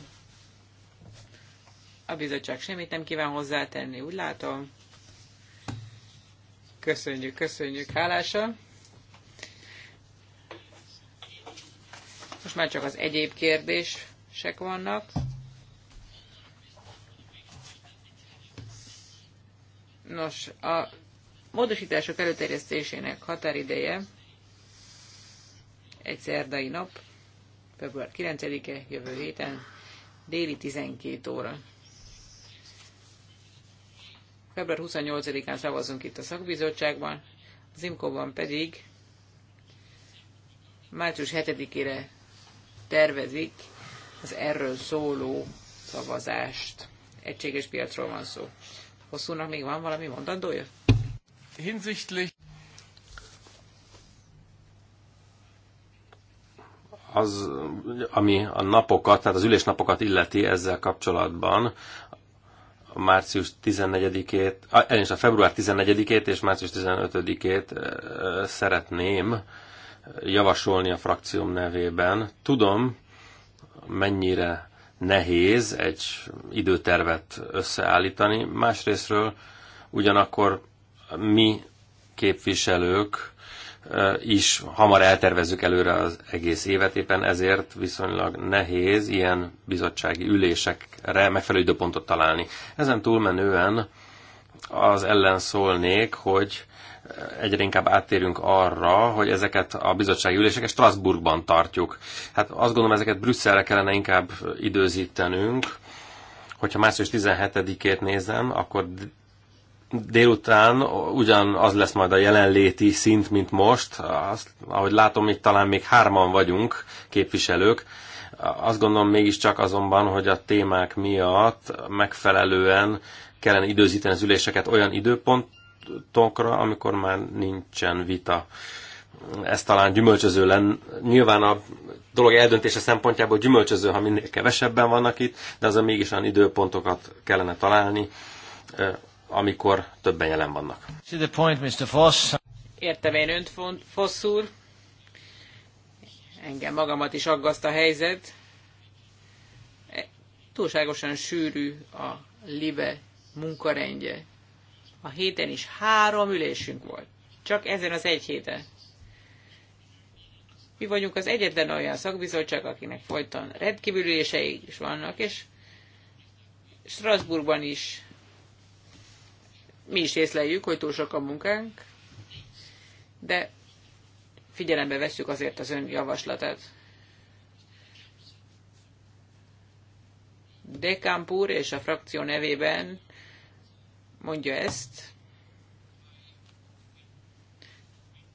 A bizottság semmit nem kíván hozzátenni, úgy látom. Köszönjük, köszönjük, hálása. Most már csak az egyéb kérdés kérdések vannak. Nos, a módosítások előterjesztésének határideje egy szerdai nap, február 9-e, jövő héten, déli 12 óra. Február 28-án szavazunk itt a szakbizottságban, az IMKO-ban pedig március 7-ére tervezik az erről szóló szavazást. Egységes piacról van szó. Hosszúnak még van valami mondandója? Hinsichtlich az, ami a napokat, tehát az ülésnapokat illeti ezzel kapcsolatban, a március 14-ét, elnézést, a február 14-ét és március 15-ét szeretném javasolni a frakcióm nevében. Tudom, mennyire nehéz egy időtervet összeállítani. Másrésztről ugyanakkor mi képviselők is hamar eltervezzük előre az egész évet, éppen ezért viszonylag nehéz ilyen bizottsági ülésekre megfelelő időpontot találni. Ezen túlmenően az ellen szólnék, hogy egyre inkább áttérünk arra, hogy ezeket a bizottsági üléseket Strasbourgban tartjuk. Hát azt gondolom, ezeket Brüsszelre kellene inkább időzítenünk. Hogyha március 17-ét nézem, akkor délután ugyan az lesz majd a jelenléti szint, mint most. Azt, ahogy látom, itt talán még hárman vagyunk képviselők. Azt gondolom mégiscsak azonban, hogy a témák miatt megfelelően kellene időzíteni az üléseket olyan időpont, pontokra, amikor már nincsen vita. Ez talán gyümölcsöző lenne. Nyilván a dolog eldöntése szempontjából gyümölcsöző, ha minél kevesebben vannak itt, de a mégis olyan időpontokat kellene találni, amikor többen jelen vannak. See the point, Mr. Foss. Értem én önt, Foss úr. Engem magamat is aggaszt a helyzet. E, túlságosan sűrű a libe munkarendje. A héten is három ülésünk volt. Csak ezen az egy héten. Mi vagyunk az egyetlen olyan szakbizottság, akinek folyton rendkívül ülései is vannak, és Strasbourgban is mi is észleljük, hogy túl sok a munkánk, de figyelembe vesszük azért az ön javaslatát. De Dekampúr és a frakció nevében mondja ezt,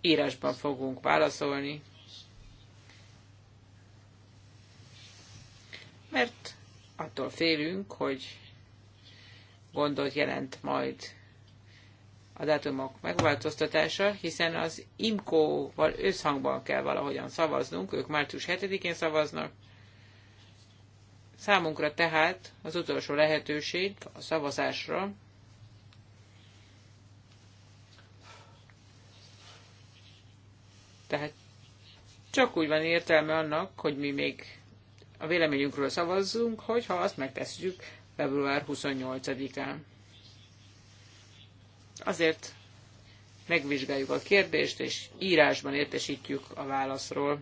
írásban fogunk válaszolni, mert attól félünk, hogy gondot jelent majd a dátumok megváltoztatása, hiszen az IMCO-val összhangban kell valahogyan szavaznunk, ők március 7-én szavaznak. Számunkra tehát az utolsó lehetőség a szavazásra Tehát csak úgy van értelme annak, hogy mi még a véleményünkről szavazzunk, hogyha azt megtesszük február 28-án. Azért megvizsgáljuk a kérdést, és írásban értesítjük a válaszról.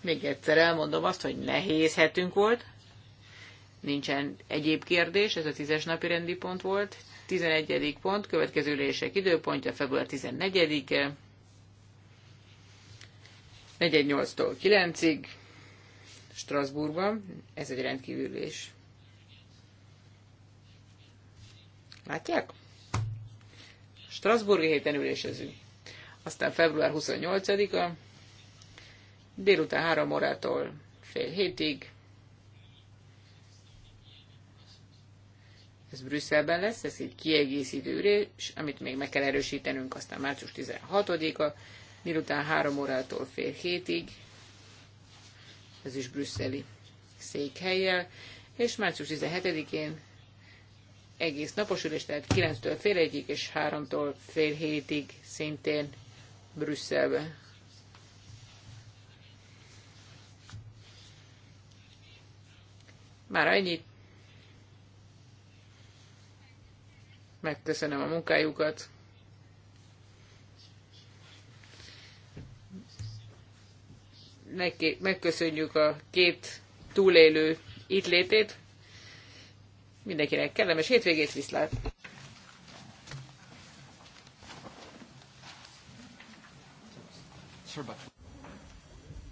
Még egyszer elmondom azt, hogy nehéz hetünk volt, Nincsen egyéb kérdés, ez a tízes napi rendi pont volt. 11. pont, következő ülések időpontja február 14-e, 4-8-tól 9-ig, Strasbourgban, ez egy rendkívül ülés. Látják? Strasbourg héten ülésezünk. Aztán február 28-a, délután 3 órától fél hétig, ez Brüsszelben lesz, ez egy kiegészítő ülés, amit még meg kell erősítenünk, aztán március 16-a, miután 3 órától fél hétig, ez is brüsszeli székhelyjel, és március 17-én egész napos ülés, tehát 9-től fél egyig és 3-tól fél hétig szintén Brüsszelbe. Már ennyit megköszönöm a munkájukat. Megköszönjük a két túlélő itt létét. Mindenkinek kellemes hétvégét viszlát! Sure,